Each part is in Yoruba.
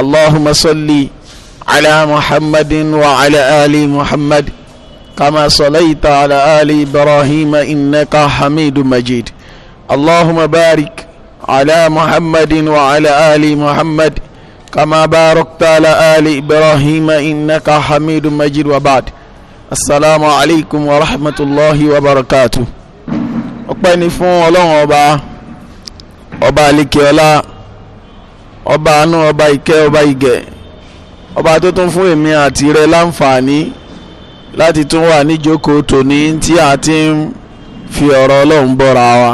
اللهم صل على محمد وعلى آل محمد كما صليت على آل إبراهيم إنك حميد مجيد اللهم بارك على محمد وعلى آل محمد كما باركت على آل إبراهيم إنك حميد مجيد وبعد السلام عليكم ورحمة الله وبركاته ọpẹ́ ni fún ọlọ́run ọba ọba àlekè ọlá ọba àánú ọba ìkẹ́ ọba ìgẹ̀ ọba tó tún fún èmi àti rẹ láǹfààní láti tún wà níjókòó tòní tí a ti ń fi ọ̀rọ̀ ọlọ́run bọ́ra wa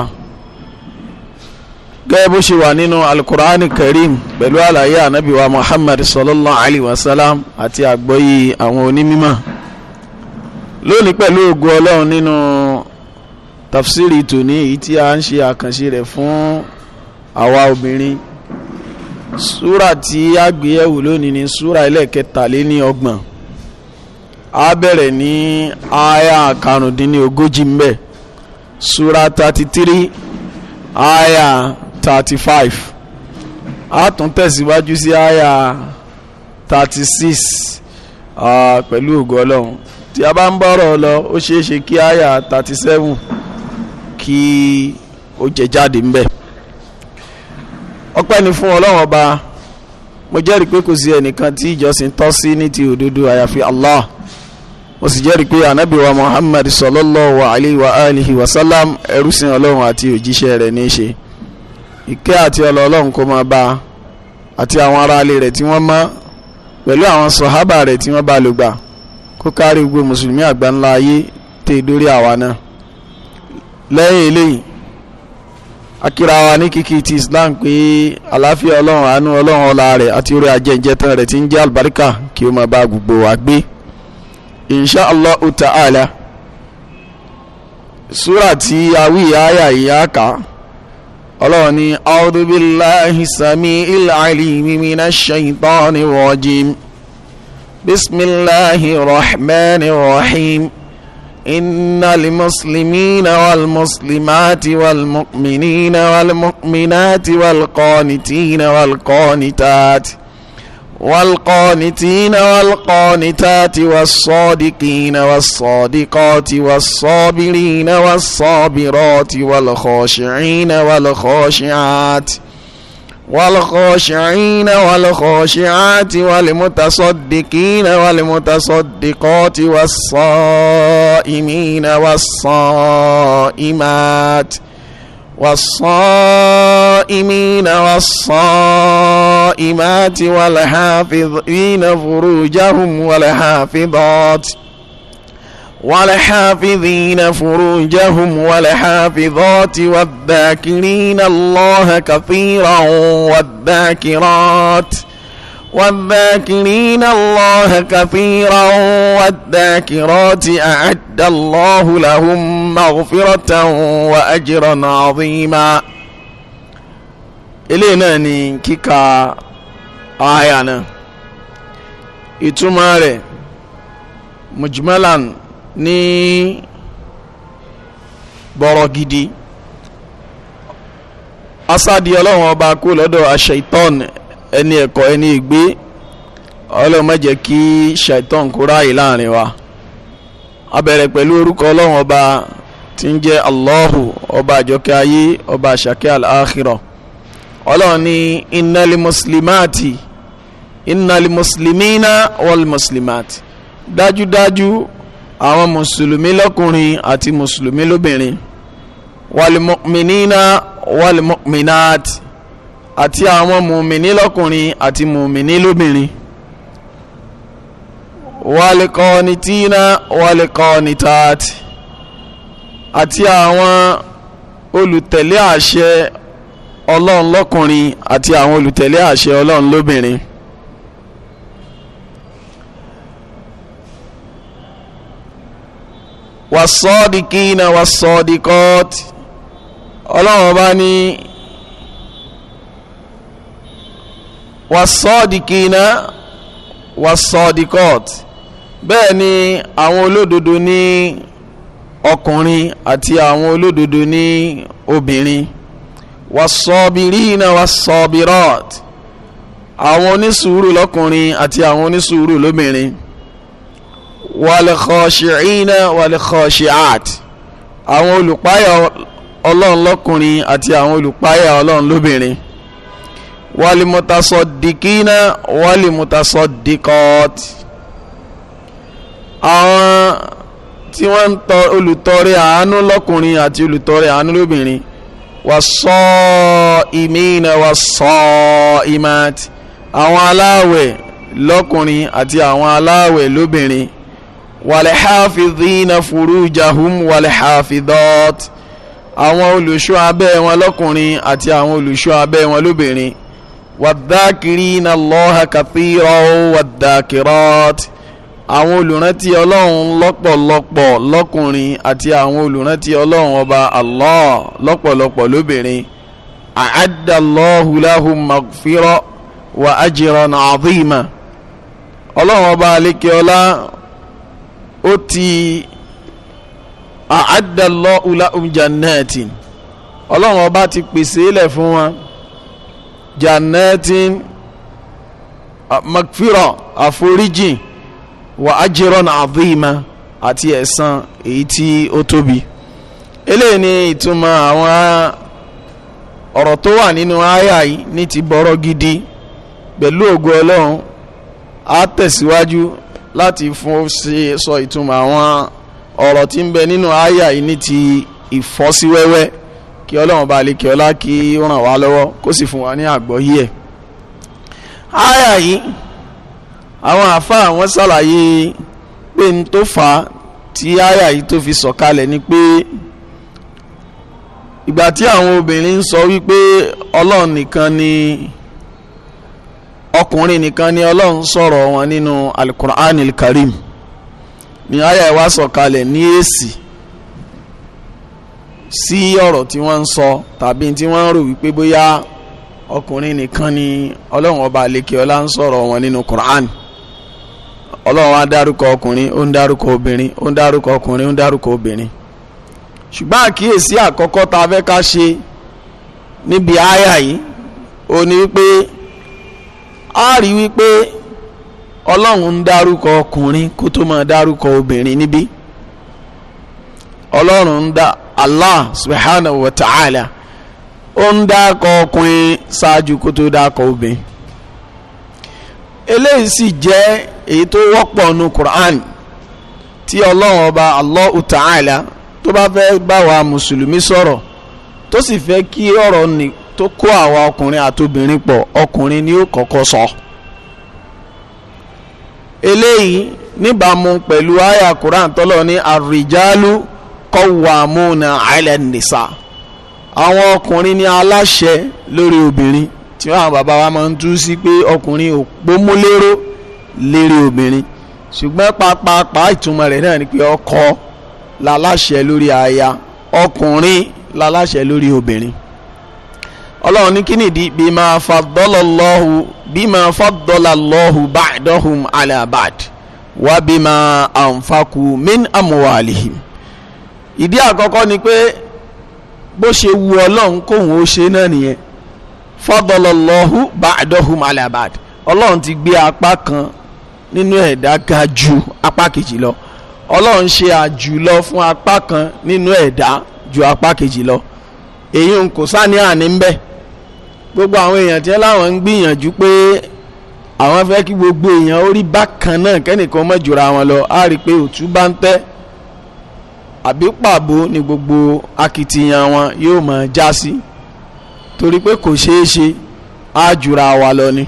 gẹ́gẹ́ bó ṣe wà nínú alukur'ani karim pẹ̀lú àlàyé ànábì wa muhammad sallallahu alayhi wa sallam àti àgbọ́yé àwọn onímọ̀ lónìí pẹ̀lú ògo ọlọ́run nínú tafsiri tòní èyí tí a ń ṣe àkànṣe rẹ̀ fún àwa obìnrin súra tí a gbé yẹ̀wò lónìí ni súra ẹlẹ́ẹ̀kẹtàléní ọgbọ̀n a bẹ̀rẹ̀ ní aya karùndínní ogójì mbẹ súra thirty three aya thirty five a tún tẹ̀síwájú sí aya thirty six pẹ̀lú ògo ọlọ́run tí a bá ń bọ̀rọ̀ lọ ó ṣeé kí aya thirty seven kí ó jẹ jáde ńbẹ̀ ọpẹ́ ni fún ọlọ́run ọba mo jẹ́rìí pé kò sí ẹnìkan tí ìjọsìn tọ́ sí ní ti òdodo àyàfi allah mo sì jẹ́rìí pé anabi wa muhammad sallallahu alayhi wa alihi wa salam ẹrú sin ọlọ́run àti òjíṣẹ́ rẹ̀ ní í ṣe ìkẹ́ àti ọlọ ọlọ́run kó máa bá a àti àwọn aráalé rẹ̀ tí wọ́n mọ́ pẹ̀lú àwọn sọ̀hábà rẹ̀ tí wọ́n bá lò gbà kó kárí gbogbo mùsùlùmí àgbáńlá ayé tẹ̀ dórí àwa náà lẹ́yìn eléyìí akira wa ní kìkì ti islam pé àlàáfíà ọlọ́run àánú ọlọ́run ọlá rẹ̀ àti orí ajẹ́njẹ́tàn rẹ̀ ti ń jẹ́ àlùbáríkà kí ó máa bá gbogbo wa gbé insha allah ta'ala sura ti awi aya iyaka ọlọ́run ní a'udhu billahi sami'il alimi minash shaitanir rajim bismillahir rahmanir rahim. إن المسلمين والمسلمات والمؤمنين والمؤمنات والقانتين والقانتات والقانتين والقانتات والصادقين والصادقات والصابرين والصابرات والخاشعين والخاشعات والخاشعين والخاشعات والمتصدقين والمتصدقات والصائمين والصائمات والصائمين والصائمات والحافظين فروجهم والحافظات ولحافظين فروجهم ولحافظات والذاكرين الله كثيرا والذاكرات والذاكرين الله كثيرا والذاكرات أعد الله لهم مغفرة وأجرا عظيما إلينا نكيكا آيانا إتماري مجملا مجملا ní bọ̀rọ̀ gidi asadi ọlọ́run ọba kú lọ́dọ̀ aṣeitan ẹni ẹ̀kọ́ ẹni ìgbé ọlọ́run má jẹ́ kí shaitan kó ráàyè láàrin wa a bẹ̀rẹ̀ pẹ̀lú orúkọ ọlọ́run ọba tí ń jẹ́ allahu ọba àjọkẹ́ ayé ọba àṣàkẹ́ al ọlọ́run ní innali muslimati innali muslimina wal muslimat dájúdájú àwọn mùsùlùmí lọ́kùnrin àti mùsùlùmí lóbìnrin wàlìmọ̀mìnínà wàlìmọ̀mìnàt àti àwọn mùmìní lọ́kùnrin àti mùmìní lóbìnrin wàlìkọ́nitínà wàlìkọ́nitàt àti àwọn olùtẹ̀lé àṣẹ ọlọ́run lọ́kùnrin àti àwọn olùtẹ̀lé àṣẹ ọlọ́run lóbìnrin. wasọ́dìkínà wasọ́dìkọ́tì ọlọ́run ọba ní wasọ́dìkínà wasọ́dìkọ́tì bẹ́ẹ̀ ni àwọn olódodo ní ọkùnrin àti àwọn olódodo ní obìnrin wasọ́bìrínà wasọ́bìrọ́tì àwọn onísùúrù lọ́kùnrin àti àwọn onísùúrù lóbìnrin wàlẹ̀kọ̀ṣìínà wàlẹ̀kọ̀ṣìáàt àwọn olùpáyà ọlọ́run lọ́kùnrin àti àwọn olùpáyà ọlọ́run lóbìnrin wàlìmọ̀tàsọ̀dìkínà wàlìmọ̀tàsọ̀dìkọ̀t àwọn tí wọ́n ń tọ olùtọrẹ àánú lọ́kùnrin àti olùtọrẹ àánú lóbìnrin wàsọ ìmínà wàsọ ìmàt àwọn aláwẹ̀ lọ́kùnrin àti àwọn aláwẹ̀ lóbìnrin wàlẹ̀háfìdínà furujahum wàlẹ̀háfìdọ́t àwọn olùṣọ́ abẹ́ wọn lọ́kùnrin àti àwọn olùṣọ́ abẹ́ wọn lóbìnrin wàdákìrínà lọ́ha kàfírọ̀ wàdákìrọ́t àwọn olùrántí ọlọ́run lọ́pọ̀lọpọ̀ lọ́kùnrin àti àwọn olùrántí ọlọ́run ọba Allah lọ́pọ̀lọpọ̀ lóbìnrin àádàlọ́hu lahum magfirọ̀ wà ájìrọ̀ nàdìmà ọlọ́run ọba alékeọlá ó ti àádọ́lọ́ ulahum jannatin ọlọ́run ọba ti pèsè ilẹ̀ fún wọn jannatin makfira àforíjìn wa ajran azima àti ẹ̀san èyí tí ó tóbi eléyìí ni ìtumọ̀ àwọn ọ̀rọ̀ tó wà nínú àyà yìí ní ti bọ́rọ̀ gidi pẹ̀lú ògo ọlọ́run á tẹ̀síwájú láti fún ṣe sọ ìtumọ̀ àwọn ọ̀rọ̀ tí ń bẹ nínú àyà yìí ní ti ìfọ́síwẹ́wẹ́ kí ọlọ́run bá lè kí ọlá kí ó ràn wá lọ́wọ́ kó sì fún wa ní àgbọ́yé ẹ̀. àyà yìí àwọn àfa àwọn ṣàlàyé pé n tó fà á tí àyà yìí tó fi sọ̀kalẹ̀ ni pé ìgbà tí àwọn obìnrin ń sọ wípé ọlọ́run nìkan ni. Pe, ọkùnrin nìkan ni ọlọ́run sọ̀rọ̀ wọn nínú alukur'an karim ní àyà ìwà sọ̀kalẹ̀ ní èsì sí ọ̀rọ̀ tí wọ́n ń sọ tàbí tí wọ́n ń rò wípé bóyá ọkùnrin nìkan ni ọlọ́run ọba àlekè ọlá ń sọ̀rọ̀ wọn nínú kur'an ọlọ́run á dárúkọ ọkùnrin ó ń dárúkọ obìnrin ó ń dárúkọ ọkùnrin ó ń dárúkọ obìnrin ṣùgbọ́n àkíyèsí àkọ́kọ́ tá a fẹ́ ká ṣe níbi àyà yìí ó ní wípé. a rí wípé ọlọ́run ń dárúkọ ọkùnrin kó tó máa dárúkọ obìnrin níbí ọlọ́run ń dá allah subhanahu wa ta'ala ó ń dákọ ọkùnrin ṣáájú kó tó dákọ obìnrin eléyìí sì jẹ́ èyí tó wọ́pọ̀ nu Qur'an tí ọlọ́run ọba allah ta'ala tó bá fẹ́ bá wa mùsùlùmí sọ̀rọ̀ tó sì fẹ́ kí ọ̀rọ̀ nìkan tó kó àwa ọkùnrin àtobìnrin pọ̀ ọkùnrin ni ó kọ́kọ́ sọ eléyìí níbàámu pẹ̀lú àyà Quran tọ́lọ̀ ní àrìjálù kọ́wàmúnà àìlẹ̀ nìsà àwọn ọkùnrin ni aláṣẹ lórí obìnrin tí àwọn bàbá wa máa ń tú sí pé ọkùnrin ò gbómúlérò lérí obìnrin ṣùgbọ́n pàápàá ìtumọ̀ rẹ̀ náà ni pé ọkọ laláṣẹ lórí aya ọkùnrin laláṣẹ lórí obìnrin ọlọ́run ní kí nìdí bima faddalallahu bima faddalallahu ba'dahum ala ba'd wa bima anfaqu min amwalihim ìdí àkọ́kọ́ ni pé bó ṣe wu ọlọ́run kóhun ó ṣe náà nìyẹn faddalallahu ba'dahum ala ba'd ọlọ́run ti gbé apá kan nínú ẹ̀dá ga ju apá kejì lọ ọlọ́run ṣe àjùlọ fún apá kan nínú ẹ̀dá ju apá kejì lọ èyí ń kò sáníà ní ń bẹ́ẹ̀ gbogbo àwọn èèyàn tí láwọn ń gbìyànjú pé àwọn fẹ́ kí gbogbo èèyàn ó rí bákan náà kẹ́nìkan má wọn lọ á rí i pé òtún bá ń tẹ́ àbí pàbó ni gbogbo akitiyan wọn yóò máa já sí torí pé kò ṣeé ṣe á jùra wa lọ ni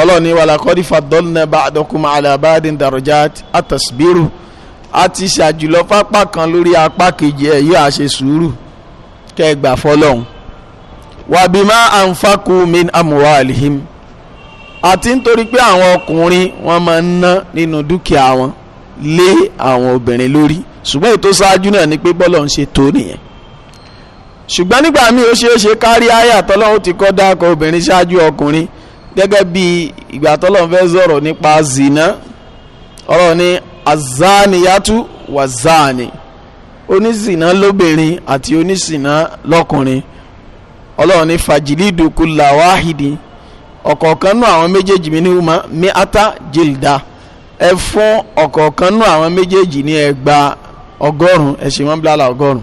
ọlọ́ọ̀ni wàlàkọ́dí fàdọ́lùnà ba'dakum ala ba'din darajat àtàsíbírù a ti ṣàjùlọ fápá kan lórí apá kejì ẹ̀ yóò àṣẹ sùúrù kẹ́ ẹ gbà fọlọ́hún wàbímá ànfàkù min amuwalihim àti nítorí pé àwọn ọkùnrin wọn máa ń ná nínú dúkìá wọn lé àwọn obìnrin lórí ṣùgbọ́n ètò ṣáájú náà ni pé bọ́lọ̀ ń ṣe tó nìyẹn ṣùgbọ́n nígbà míì ó ṣeé ṣe kárí àyà tọ́lọ́hún ti kọ́ dákọ̀ obìnrin ṣáájú ọkùnrin gẹ́gẹ́ bí ìgbà tọ́lọ́hún fẹ́ sọ̀rọ̀ nípa zina ọ̀rọ̀ ni azaniyatu wazani onísìnà lóbìnrin àti onísìnà lọ́kùnrin ọlọ́run ní fàjìlídù kulla wáhìdì ọ̀kọ̀ọ̀kan àwọn méjèèjì mi ní huma mi ata jìlda ẹ fún ọ̀kọ̀ọ̀kan nù àwọn méjèèjì ní ẹgbà ọgọ́rùn-ún ẹ ṣe wọ́n bílálà ọgọ́rùn-ún.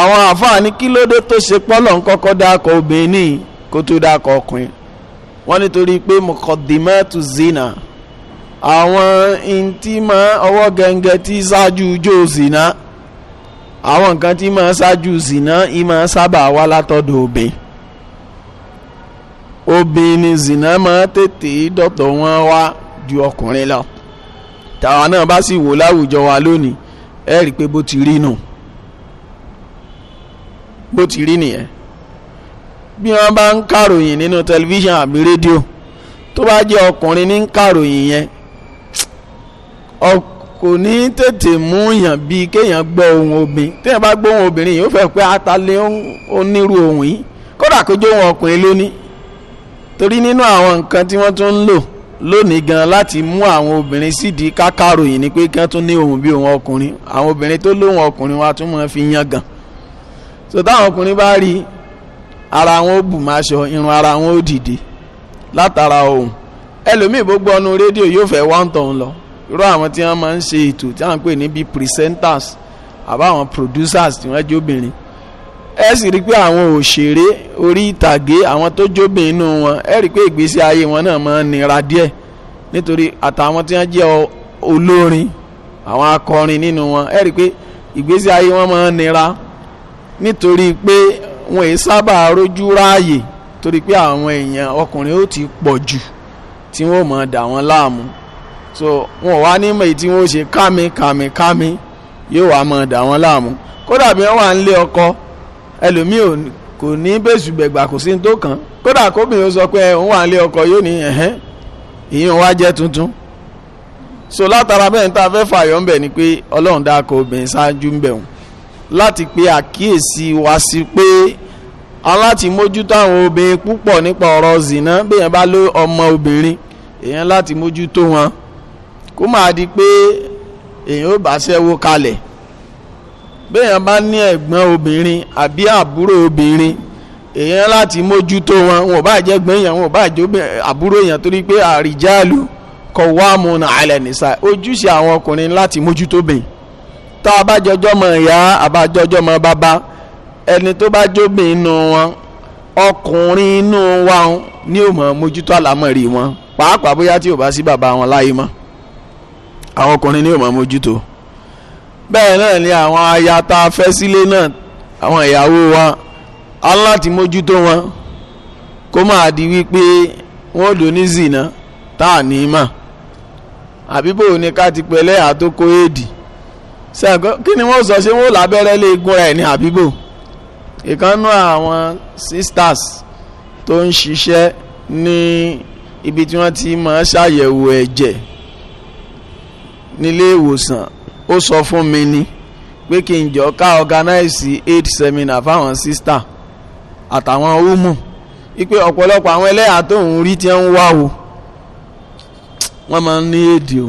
àwọn àfáà ní kí ló dé tó ṣe pọ́lọ̀ ńkọ́kọ́ dákọ̀ obìnrin ní kó tó dákọ̀ ọkùnrin wọ́n nítorí pé mọ̀kọ́dìmẹ́tù zina àwọn ntí máa ọwọ́ gẹ́gẹ́ tí ṣáájú jóòzì náà àwọn nǹkan tí máa ṣáájú zìnà yìí máa sábà wá látọ̀dọ̀ òbí òbí ni zìnà máa tètè dọ̀tọ̀ wọn wá ju ọkùnrin lọ tàwa náà bá sì wò láwùjọ wa lónìí ẹ rí i pé bó ti rí nù bó ti rí nìyẹn bí wọ́n bá ń kàròyìn nínú tẹlifíṣàn àbí rédíò tó bá jẹ́ ọkùnrin ní kàròyìn yẹn kò ní tètè mú yàn bíi kéèyàn gbọ́ ohun obìnrin téèyàn bá gbọ́ ohun obìnrin yìí ó fẹ́ pé atalé onírú ohun yìí kódà kó jó ohun ọkùnrin lónìí torí nínú àwọn nǹkan tí wọ́n tún ń lò lónìí gan láti mú àwọn obìnrin sídìí kákàròyìn ni pé kí wọ́n tún ní ohun bí ohun ọkùnrin àwọn obìnrin tó lóhun ọkùnrin wọn a tún máa fi yan gan so táwọn ọkùnrin bá rí ara wọn ó bù máa ṣọ irun ara wọn ó dìde látara ohun ẹlòmíì gbogbo ọnu rédíò yóò fẹ́ wá ń tọ̀hún lọ irú àwọn tí wọ́n máa ń ṣe ètò tí wọ́n pè ní bíi presenters àbáwọn producers tí wọ́n jóbìnrin ẹ sì rí i pé àwọn òṣèré orí ìtàgé àwọn tó jóbìnrin nínú wọn ẹ rí i pé ìgbésí ayé wọn náà máa ń nira díẹ̀ nítorí àtàwọn tí wọ́n jẹ́ olórin àwọn akọrin nínú wọn ẹ rí i pé ìgbésí ayé wọn máa ń nira nítorí pé wọn èyí sábà rójú ráàyè torí pé àwọn èèyàn ọkùnrin ó ti pọ̀ jù tí wọ́n máa dà wọ́n láàmú so wọn wá ní mọ̀ èyí tí wọ́n ṣe kámi kámi kámi yóò wá mọ̀ dà wọ́n láàmú kódà bí wọ́n wà ń lé ọkọ ẹlòmíì kò ní bẹ́sùbẹ̀gbà kò sí ní tó kàn kódà kóbìnrin ó sọ pé òun wà ń lé ọkọ yóò ní ẹ̀hẹ́n ìyẹn wá jẹ́ tuntun so látara bẹ́ẹ̀ ní fẹ́ fààyàn ń bẹ̀ ni pé ọlọ́run dáko obìnrin ṣáájú ń bẹ̀ láti pe àkíyèsí wa sí pé aláti mójútó àwọn obìnrin púpọ̀ nípa ọ̀rọ̀ zìnà bẹ́ẹ̀ bá ló ọmọ obìnrin èèyàn láti mójútó wọn kó máa di pé èèyàn ò bá ṣẹ́wó kalẹ̀ béèyàn bá ní ẹ̀gbọ́n obìnrin àbí àbúrò obìnrin èèyàn láti mójútó wọn wọn ò bá jẹ́ gbọ́n èèyàn wọn ò bá jẹ́ àbúrò èèyàn torí pé àrìjálù kọ̀ wá mu nà àlẹ́ nìsa ojúṣe àwọn ọkùnrin láti mójútó bẹ́ẹ̀ tá a bá jọjọ́ mọ ìyá àbájọjọ́ mọ bàbá ẹni tó bá jóbìn inú wọn ọkùnrin inú wa ni ó mọ̀ mójútó àlámọ̀rí wọn pàápàá bóyá tí ò bá sí bàbá wọn láyé mọ́ àwọn ọkùnrin ni yóò máa mójútó bẹ́ẹ̀ náà ni àwọn aya tá a fẹ́ sílé náà àwọn ìyàwó wa aláti mójútó wọn kó máa di wípé wọn ò dòní zìnà tá a ní mà àbíbò ni ká ti pẹ̀lẹ́ àtòkò éèdì sẹ́ẹ̀kọ́ kí ni wọ́n sọ ṣé wọ́n lábẹ́rẹ́ lè gún ẹ̀ ní àbíbò ìkànnú àwọn sisters tó ń ṣiṣẹ́ ní ibi tí wọ́n ti máa ṣàyẹ̀wò ẹ̀jẹ̀. E nílé ìwòsàn ó sọ fún mi ni pé kí n jọ ká organize aid seminar fáwọn sista àtàwọn ipe ọ̀pọ̀lọpọ̀ àwọn ẹlẹ́yà tó ń rí nwa ń wá o wọ́n máa ń ní èdè o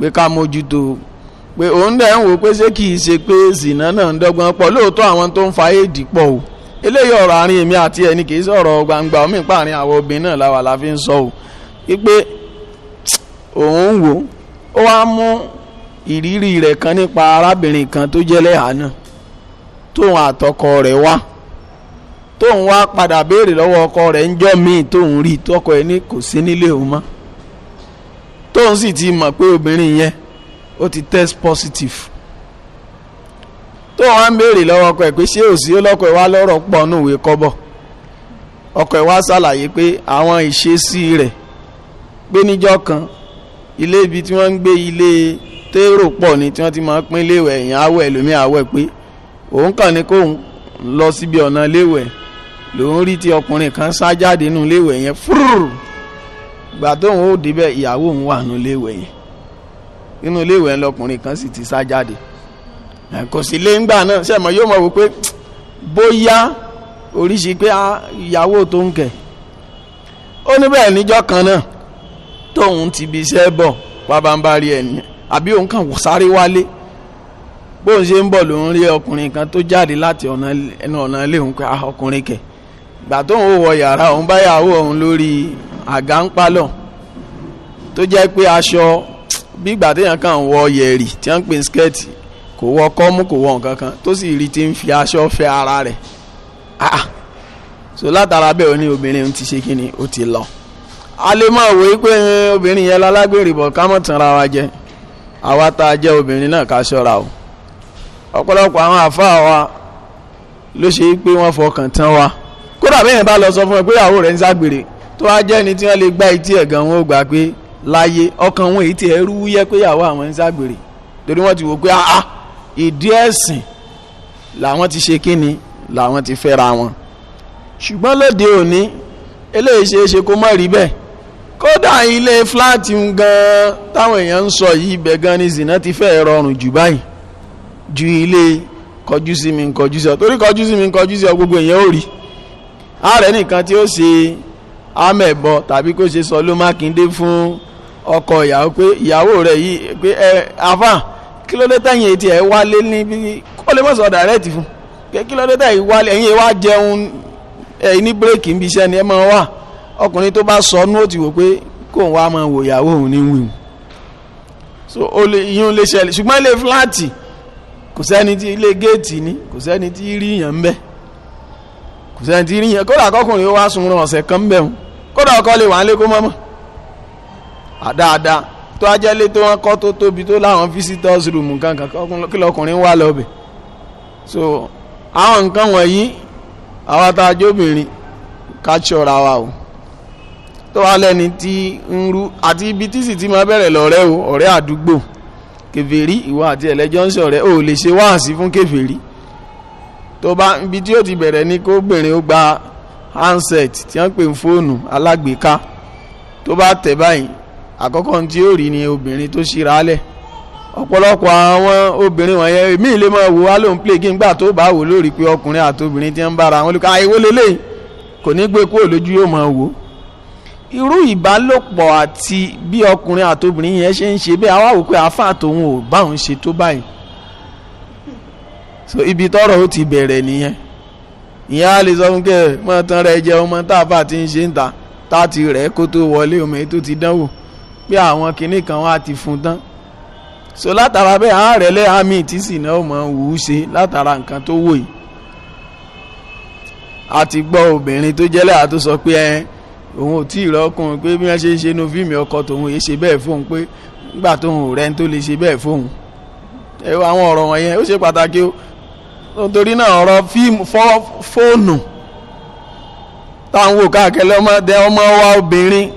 pé ká mójútó o pé òun dẹ̀ ń wò pé ṣé ṣe pé zìnà náà ń dọ́gbọ́n pọ̀ lóòótọ́ àwọn tó ń fa èdè pọ̀ o eléyìí ọ̀rọ̀ àárín èmi àti ẹni sọ̀rọ̀ omi pààrin àwọn obìnrin náà làwà la fi ń o wípé òun wò ó wá mú ìrírí rẹ kan nípa arábìnrin kan tó jele lẹ́hàá náà tóun àtọkọ rẹ wá tóun wá padà béèrè lọ́wọ́ ọkọ rẹ̀ ńjọ́ míì tóun rí tọkọ ẹ̀ ní kò sí nílé òun si tóun sì ti mọ pé obìnrin yẹn ó ti test positive tóun wá ń béèrè lọ́wọ́ ọkọ ẹ̀ pé ṣé òsì ọlọ́kọ ẹ̀ wá lọ́rọ̀ pọ̀ nùwé kọ́bọ̀ ọkọ ẹ̀ wá ṣàlàyé pé àwọn ìṣesí rẹ pé kan ilé ibi tí wọ́n ń gbé ilé térò pọ̀ ni tí wọ́n ti máa ń pín léwẹ̀ èèyàn awẹ́ ẹlòmí awẹ́ pé òun kàn ní kóun lọ síbi ọ̀nà léwẹ̀ lòun rí tí ọkùnrin kan sá jáde nù léwẹ̀ yẹn fúrúrú gbà tóun ó débẹ̀ ìyàwó òun wà nù léwẹ̀ yẹn inú léwẹ̀ yẹn lọkùnrin kan sì ti sá jáde kò sí lé ńgbà náà sẹ́mọ̀ yóò mọ̀ wò pé bóyá oríṣi pé ah, ìyàwó tó ń kẹ̀ ó níbẹ̀ níjọ́ kan náà tóun ti bí iṣẹ́ bọ̀ pabambari ẹ̀ nìyẹn àbí òun kàn sáré wálé bóun ṣe ń bọ̀ lòun rí ọkùnrin kan tó jáde láti ẹnu ọ̀nà ilé òun pa ah, ọkùnrin kẹ̀ gbà tóun ò wọ yàrá òun bá yàwó òun lórí àga ń palọ̀ tó jẹ́ pé aṣọ bí ìgbà téèyàn kàn wọ yẹ̀rì tí wọ́n ń pè skẹ́ẹ̀tì kò wọ kọ́mú kò wọ nǹkan kan tó sì rí ti ń fi aṣọ fẹ́ ara rẹ̀ ah, ah so látara bẹ́ẹ̀ ó ní obìnrin ti ṣe kí ni ó ti lọ a lè máa wò pé obìnrin yẹn lálágbèrè bọ̀ ká mọ̀ tanra wa jẹ àwa tá a jẹ́ obìnrin náà ká ṣọ́ra o ọ̀pọ̀lọpọ̀ àwọn àfáà wa ló ṣe pé wọ́n fọkàn tán wa kódà bẹ́ẹ̀ bá lọ sọ fún ẹ pé ìyàwó rẹ̀ ń ságbèrè tó wá jẹ́ ni tí wọ́n lè gba etí ẹ̀ gan wọn ò gbà pé láyé ọkàn wọn èyí tí ẹ rúwúyẹ́ pé ìyàwó àwọn ń ságbèrè torí wọ́n ti wò pé ah ìdí ẹ̀sìn làwọn ti ṣe kíni làwọn ti fẹ́ra wọn ṣùgbọ́n lóde òní eléyìí ṣeé kó má rí bẹ́ẹ̀ kódà ilé fúláàtì gan táwọn èèyàn ń sọ yìí gan ni ti fẹ́ rọrùn jù báyìí ju ilé kọjú sí mi kọjú sí ọ torí kọjú gbogbo èèyàn ò rí ààrẹ nìkan tí ó ṣe amẹ̀bọ tàbí kó ṣe sọ ló fún ọkọ ìyàwó pé ìyàwó pé ẹ afa kí ló dé tẹ̀yìn etí wálé níbi fún pé kí ló dé tẹ̀yìn wálé ẹ̀yìn wá jẹun ní wà ọkùnrin tó bá sọ ọ́nú ó ti wò pé kó òun wá máa wò ìyàwó òun ní wíwù so ó lè yín lè ṣẹlẹ̀ ṣùgbọ́n ilé fúláàtì kò sẹ́ni tí ilé géètì ni kò sẹ́ni tí rí yàn ń bẹ kò sẹ́ni tí rí yàn kódà kọkùnrin ó wá sun ran ọ̀sẹ̀ kan bẹ̀ wọn kódà ọkọ lè wà á lé kó mọ́mọ́ àdáadáa tó ajẹ́lé tó wọn kọ́ tó tóbi tó láwọn visitors room kankan kí lọkùnrin wà lọ́bẹ̀ so àwọn nǹkan wọ̀nyí àwa tá a jóbìnrin ká ṣọ́ra wa o tó wá lẹ́ni tí ń rú àti ibi tí sì ti máa bẹ̀rẹ̀ lọ́rẹ́ o ọ̀rẹ́ àdúgbò kèfèrí ìwọ àti ẹ̀lẹ́jọ́ ń ṣọ̀rẹ́ o lè ṣe wáàsí fún kèfèrí tó bá ibi tí ó ti bẹ̀rẹ̀ ni kó obìnrin ó gba handset tí wọ́n pè ń fóònù alágbèéká tó bá tẹ̀ báyìí àkọ́kọ́ tí ó rí ni obìnrin tó ṣíra alẹ̀ ọ̀pọ̀lọpọ̀ àwọn obìnrin wọ̀nyẹn èmi ìlé máa wò wá lóun play game gbà tó bá wò lórí pé ọkùnrin àti obìnrin ti ń bára wọn lóka àìwọlélẹ́yìn kò ní gbé kúrò lójú yóò máa wò ó irú ìbálòpọ̀ àti bí ọkùnrin àtobìnrin yẹn ṣe ń ṣe bẹ́ẹ̀ àwa wò pé àáfàá tòun ò bá ṣe tó báyìí so ibi tọ́rọ̀ ó ti bẹ̀rẹ̀ nìyẹn ìyẹn á lè sọ fún kẹ mọ tán rẹ jẹ ọmọ tá a bá ti ń ṣe ń ta tá a ti rẹ kó tó wọlé ọmọ tó ti dánwò pé àwọn kinní kan wá ti fún tán so látara bẹ́ẹ̀ á rẹ̀ lẹ́ àmì tí sì náà mọ̀ ń wù ú ṣe látara nǹkan tó wò yìí a ti gbọ́ obìnrin tó jẹ́lẹ̀ àtó pé ẹ òun ò tí ì rọ́kùn pé bí wọ́n ṣe ń ṣe inú fíìmù ọkọ tòun èé ṣe bẹ́ẹ̀ fóun pé nígbà tóun ò rẹ́ni tó lè ṣe bẹ́ẹ̀ fóun ẹ wo àwọn ọ̀rọ̀ wọ̀nyẹn ó ṣe pàtàkì ó torí náà ọ̀rọ̀ fíìmù fóònù táwọn wò káàkiri ọmọdé ọmọ wa obìnrin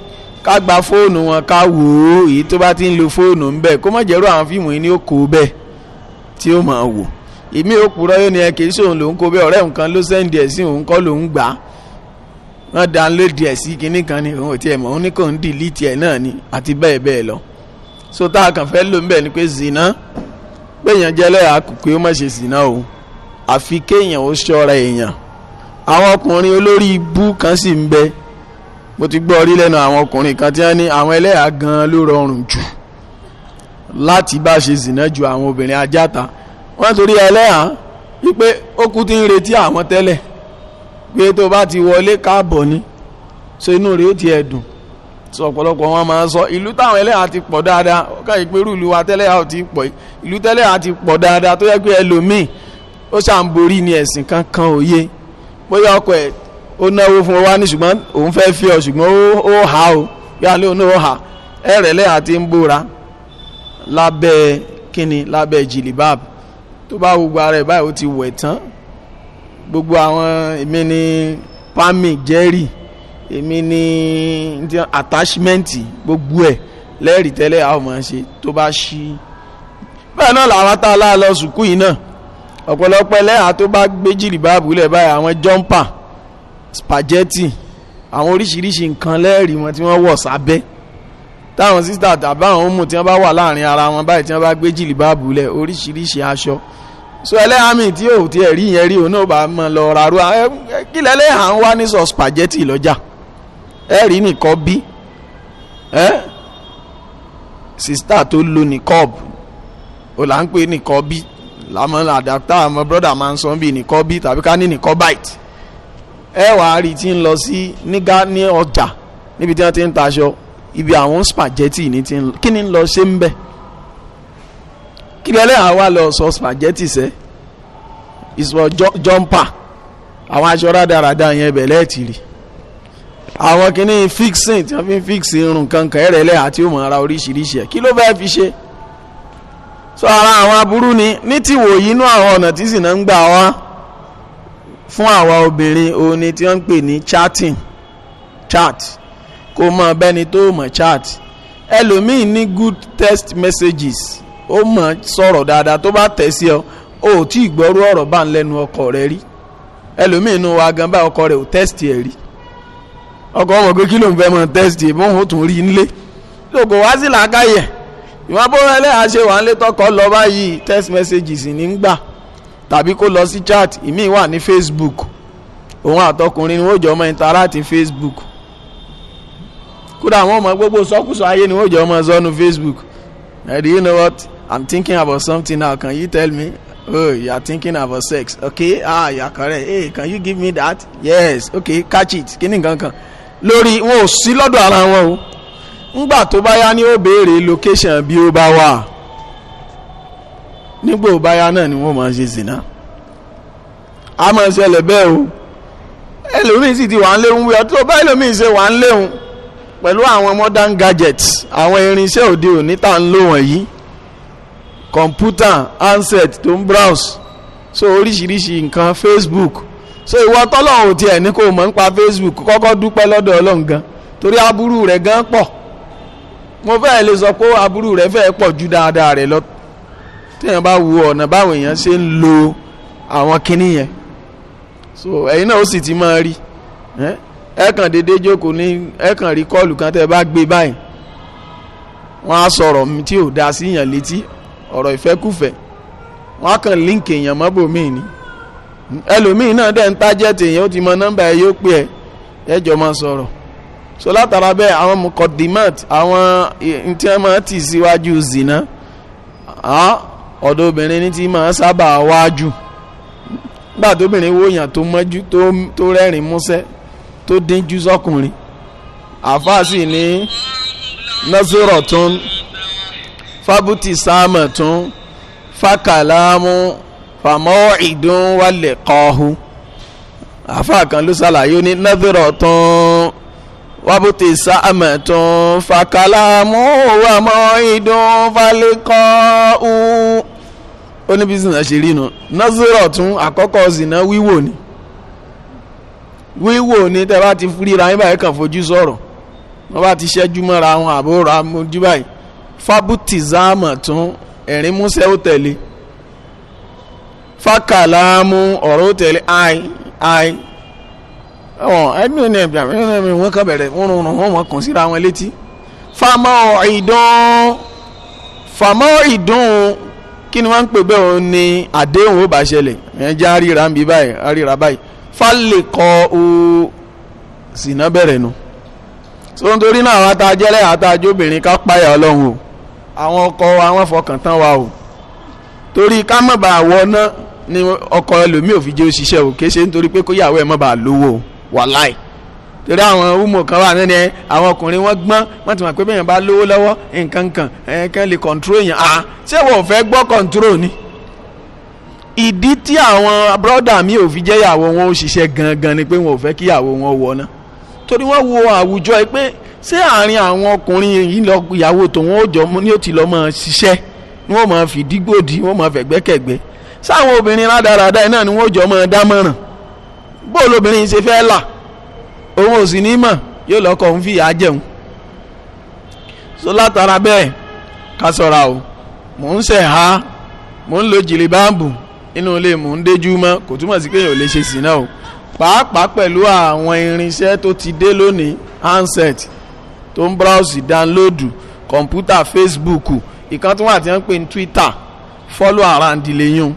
ká gba fóònù wọn ká wò ó èyí tó bá ti ń lo fóònù ń bẹ kó má jẹ́rú àwọn fíìmù yìí ní ó kó bẹ́ẹ̀ tí ó máa wò èmi ò purọ́ yóò ní ẹ kì í ṣòun lòún kó bẹ́ẹ̀ ọ̀rẹ́ nǹkan ló sẹ́ǹdì ẹ̀ sí òun kọ́ lòún gbà á wọ́n download ẹ̀ sí kinní kan ni òun ò tiẹ̀ mọ̀ òun ní kò ń delete ẹ̀ náà ni àti bẹ́ẹ̀ bẹ́ẹ̀ lọ so tá a kàn fẹ́ lò ń bẹ̀ ni pé zina péyàn jẹ́ lẹ́yà pé ó má ṣe zina o àfi kéèyàn ó ṣọ́ra èèyàn àwọn ọkùnrin olórí ibú kan sì ń bẹ mo ti gbọ́ orí lẹ́nu àwọn ọkùnrin kan tí wọ́n ní àwọn ẹlẹ́yà gan ló rọrùn jù láti bá ṣe zina ju àwọn obìnrin ajáta wọ́n torí ẹlẹ́yà wípé ó kú ti ń retí àwọn tẹ́lẹ̀ pé tó bá ti wọlé káàbọ̀ ni so inú rẹ̀ ó ti ẹ̀dùn sọ ọ̀pọ̀lọpọ̀ wọn máa ń sọ ìlú táwọn ẹlẹ́yà ti pọ̀ dáadáa ọ̀ká ìpérú ìlú wa tẹ́lẹ̀yà ò ti pọ̀ ìlú tẹ́lẹ̀yà ti pọ̀ dáadáa tó yẹ pé ẹlòmíì ó ṣàǹborí ni ẹ̀sìn kankan òye bóyá ọkọ ẹ̀ ó náwó fún wa ní ṣùgbọ́n òun fẹ́ fi ọ ṣùgbọ́n ó hà ó yá lóun náà ó hà ẹ̀rẹ̀lẹ́yà ti ń bóra lábẹ́ kíni lábẹ́ jìlìbáàbù tó bá gbogbo ara ẹ̀ báyìí ó ti wẹ̀ tán gbogbo àwọn èmi ni pami jerry èmi ni attachment gbogbo ẹ̀ lẹ́rìí tẹ́lẹ̀ a ò máa ṣe tó bá ṣí bẹ́ẹ̀ náà làwọn tá a lá lọ sùkúù yìí náà ọ̀pọ̀lọpọ̀ ẹlẹ́yà tó bá gbé jìlìbáàbù lẹ̀ báyìí àwọn jọ́ǹpà spaghetti àwọn oríṣiríṣi nǹkan lẹ́ẹ̀rí wọn tí wọ́n wọ̀ sábẹ́ táwọn sísítà tàbí àwọn ọmọ tí wọ́n bá wà láàrin ara wọn báyìí tí wọ́n bá gbé jìlìbáàbù lẹ̀ oríṣiríṣi aṣọ so ẹlẹ́hàmì tí yóò ti ẹ̀rí yẹn rí òun náà bá mọ lọ ràrú ẹ kí lẹ́lẹ́hà ń wá ní sọ spaghetti lọ́jà ẹ rí nìkan bí ẹ sista tó lo nìkọ́ọ̀bù ò là ń pè nìkan bí làmọ́ àdàpítà àmọ́ brọ́dà máa ń sọ bí nìkan bí tàbí ká ní nìkan bite ẹ wàá rí tí ń lọ sí nígá ní ọjà níbi tí wọ́n ti ń taṣọ ibi àwọn spaghetti ní ti ń lọ kí ni ń lọ ń bẹ́ẹ̀. kí lẹ́lẹ́ àwa lọ sọ spaghetti sẹ́ ìsọ jọ́mpà àwọn aṣọ rádaràda yẹn bẹ̀lẹ́ ti rí àwọn kìíní fixing tí wọ́n fi ń fix irun kankan ẹ̀rẹ̀lẹ̀ àti òmò ara oríṣiríṣi ẹ̀ kí ló fẹ́ fi ṣe sọ ara àwọn aburú ni ní tìwò yìí inú àwọn ọ̀nà tí sì náà ń gbà wá fún àwa obìnrin òun tí wọ́n ń pè ní chatting chat kó mọ bẹ́ni tó mọ̀ chat ẹlòmíì ní good text messages ó mọ̀ sọ̀rọ̀ dáadáa tó bá tẹ̀ sí ọ ò tí ì gbọ́rú ọ̀rọ̀ bá ń lẹ́nu ọkọ rẹ rí ẹlòmíì inú wa gan bá ọkọ rẹ ò tẹ́sítì ẹ̀ rí ọkọ ọmọ pé kí ń fẹ́ mọ tẹ́sítì ẹ̀ bóun ó tún rí nílé lóko wá sí ìwọ́n abóhùn ẹlẹ́yà ṣe wà ń lé tọkọ lọ text messages ní ń gbà tàbí lọ sí chat wà ní Facebook òun àtọkùnrin ni wọ́n jọ ọmọ interact Facebook kódà àwọn ọmọ gbogbo ayé ni wọ́n jọ Facebook I'm thinking about something now. Can you tell me? Oh, you are thinking about sex. Okay. Ah, you are correct. Hey, can you give me that? Yes. Okay. Catch it. Kí ni nǹkan kan? Lórí wọn ò sí lọ́dọ̀ ara wọn o. Ngbà tó bá yá ni ó béèrè location bí ó bá wà. Nígbà ó bá yá náà ni wọ́n máa ṣe zina. A máa ṣẹlẹ̀ bẹ́ẹ̀ o. Ẹlòmíì sì ti wà ń léhun wíwá tó bá ẹlòmíì ṣe wà ń léhun pẹ̀lú àwọn modern gadgets àwọn irinṣẹ́ òde òní tá à ń lò wọ̀nyí kọ̀ǹpútà handset tó ń browse so oríṣiríṣi nǹkan facebook so ìwọ tọ́lọ́run tiẹ̀ ní kò mọ̀ nípa facebook kọ́kọ́ dúpẹ́ lọ́dọ̀ ọlọ́run gan torí aburú rẹ̀ gan pọ̀ mo fẹ́ẹ́ lè sọ pé aburú rẹ̀ fẹ́ẹ́ pọ̀ ju dáadáa rẹ̀ lọ téèyàn bá wo ọ̀nà báwọn èèyàn ṣe ń lo àwọn kinní yẹn so ẹ̀yin náà ó sì ti máa rí ẹ kàn déédéé jókòó ní ẹ kàn rí kọ́ọ̀lù kan tẹ́ ẹ bá gbé báyìí wọ́n á sọ̀rọ̀ tí ò dá sí létí ọ̀rọ̀ ìfẹ́kùfẹ́ wọn á kàn líǹkì èèyàn mọ́bòmíì ni ẹlòmíì náà dẹ̀ ń tájẹ́ tèèyàn ó ti mọ nọ́mbà ẹ yóò pè ẹ ẹjọ́ máa sọ̀rọ̀ so látara bẹ́ẹ̀ àwọn mukọ̀dìmọ́t àwọn tí wọ́n máa tì síwájú zina ọ̀dọ̀ obìnrin ní ti máa sábà wájú nígbà tóbìnrin wòyàn tó mọ́jú tó rẹ́rìn músẹ́ tó sọ́kùnrin àfáà sì ní nọ́sọ̀rọ̀ tó ń. fábùtì sáàmù tún fàkàlámù fàmọ́wọ́ ìdún wálé kọ́hu àfáà kan ló ṣàlàyé ní nẹ́fẹ̀rọ̀ tún wábùtì sáàmù tún fàkàlámù wàmọ́ ìdún wálé kọ́hu ó ní bísíǹnà ṣe rí nu nọ́sírọ̀ tún àkọ́kọ́ zìnà wíwò ni wíwò ni tẹ́ bá ti ríra yín báyìí kàn fojú sọ̀rọ̀ wọ́n bá ti ṣẹ́jú mọ́ra wọn àbúrò amójú báyìí fábútìzámà tún ẹ̀rín músẹ́ ó tẹ̀lé fákàlámù ọ̀rọ̀ ó tẹ̀lé ai ai ọ̀ ẹnu ní ẹ̀bí àmì ẹ̀rọ mi wọ́n kàn bẹ̀rẹ̀ wọ́n rún wọn wọn kàn síra wọn létí fàmọ́ ìdán fàmọ́ ìdán kí ni wọ́n ń pè bẹ́ẹ̀ o ní àdéhùn ó bá ṣẹlẹ̀ ẹ̀ jẹ́ àríra ń bí báyìí àríra báyìí fálẹ̀ kọ́ o sì ná bẹ̀rẹ̀ nu. sọ́ńtorí náà àwọn atajẹ́lẹ̀ àtajọ́bìnrin ká páyà ọlọ́run o àwọn ọkọ wa wọ́n fọkàn tán wa o torí ká má bàa wọ ná ni ọkọ ẹlòmíì ò fi jẹ́ òṣìṣẹ́ o kéṣe nítorí pé kó yàwó ẹ̀ má bàa lówó wàláì torí àwọn húmọ̀ kan wà nínú ẹ àwọn ọkùnrin wọn gbọ́n wọ́n ti mọ̀ pé bẹ́ẹ̀ bá lówó lọ́wọ́ nǹkan kan ẹ̀ẹ́kan lè kọ̀ǹtúrò èèyàn ah ṣé wọ́n fẹ́ gbọ́ kọ̀ǹtúrò ni ìdí tí àwọn brọ́dà mi ò fi jẹ́yàwó wọn ó ṣiṣẹ́ gangan ni pé wọn ò fẹ́ kíyàwó wọn wọ̀ ná torí wọ́n wo àwùjọ ẹ pé ṣé àárín àwọn ọkùnrin yìí lọ ìyàwó tòun ó jọ ní ó ti lọ máa ṣiṣẹ́ ni wọ́n máa fi dígbòdì wọ́n máa fẹ̀gbẹ́kẹ̀gbẹ́ sáwọn obìnrin rádaràda náà ni wọ́n jọ máa dámọ̀ràn bó lobìnrin ṣe fẹ́ là òun ò sì ní mọ̀ yóò lọ́kọ̀ òun fìyà jẹun so látara bẹ́ẹ̀ ká ṣọ́ra o mò ń ṣẹ̀ ha mò ń lo jìlìbáàbù inú ilé mò ń déjú mọ́ kò túmọ̀ sí kéèyàn ò lè ṣe sí náà o pàápàá pẹ̀lú àwọn irinṣẹ́ tó ti dé lónìí handset tó ń browse download kọ̀ǹpútà facebook ìkan tó wà tí wọ́n ń pè ní twitter follow around lẹ́yìn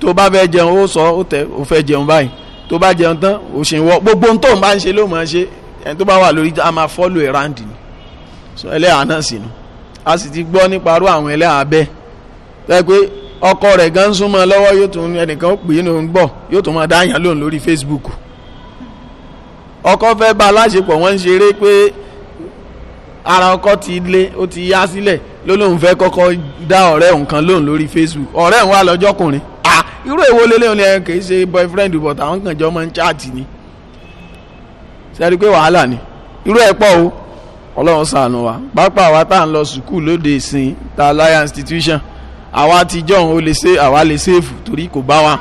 tó bá fẹ́ jẹun ó sọ ó tẹ ó fẹ́ jẹun báyìí tó bá jẹun tán ó ṣe wọ gbogbo ohun tó ń bá ń ṣe ló máa ń ṣe ẹni tó bá wà lórí a máa follow around ni so ẹlẹ́yà náà sì nù a sì ti gbọ́ nípa arú àwọn ẹlẹ́yà bẹ́ẹ̀ bẹ́ẹ̀ pé ọkọ rẹ̀ gan súnmọ́ lọ́wọ́ yóò tún ẹnìkan ó pè é lòún gbọ́ yóò tún máa dáyàn lóhùn lórí facebook ọkọ fẹ́ bá aláṣepọ̀ wọ́n ń ṣeré pé ara ọkọ ti lé ó ti yá sílẹ̀ ló lóun fẹ́ dá ọ̀rẹ́ òun kan lórí Facebook ọ̀rẹ́ òun wà lọ́jọ́kùnrin ah irú èwo lélẹ́yìn ni kì í ṣe boyfriend but àwọn kan jọ máa ń chaàtì ni sẹ́ni pé wàhálà ni irú ẹ̀ pọ̀ o ọlọ́run ṣàánú wa pápá wa tá à ń lọ sùkúù lóde ìsìn ta lion institution àwa àtijọ́ òun ó lè ṣe àwa lè ṣèfù torí kò bá wa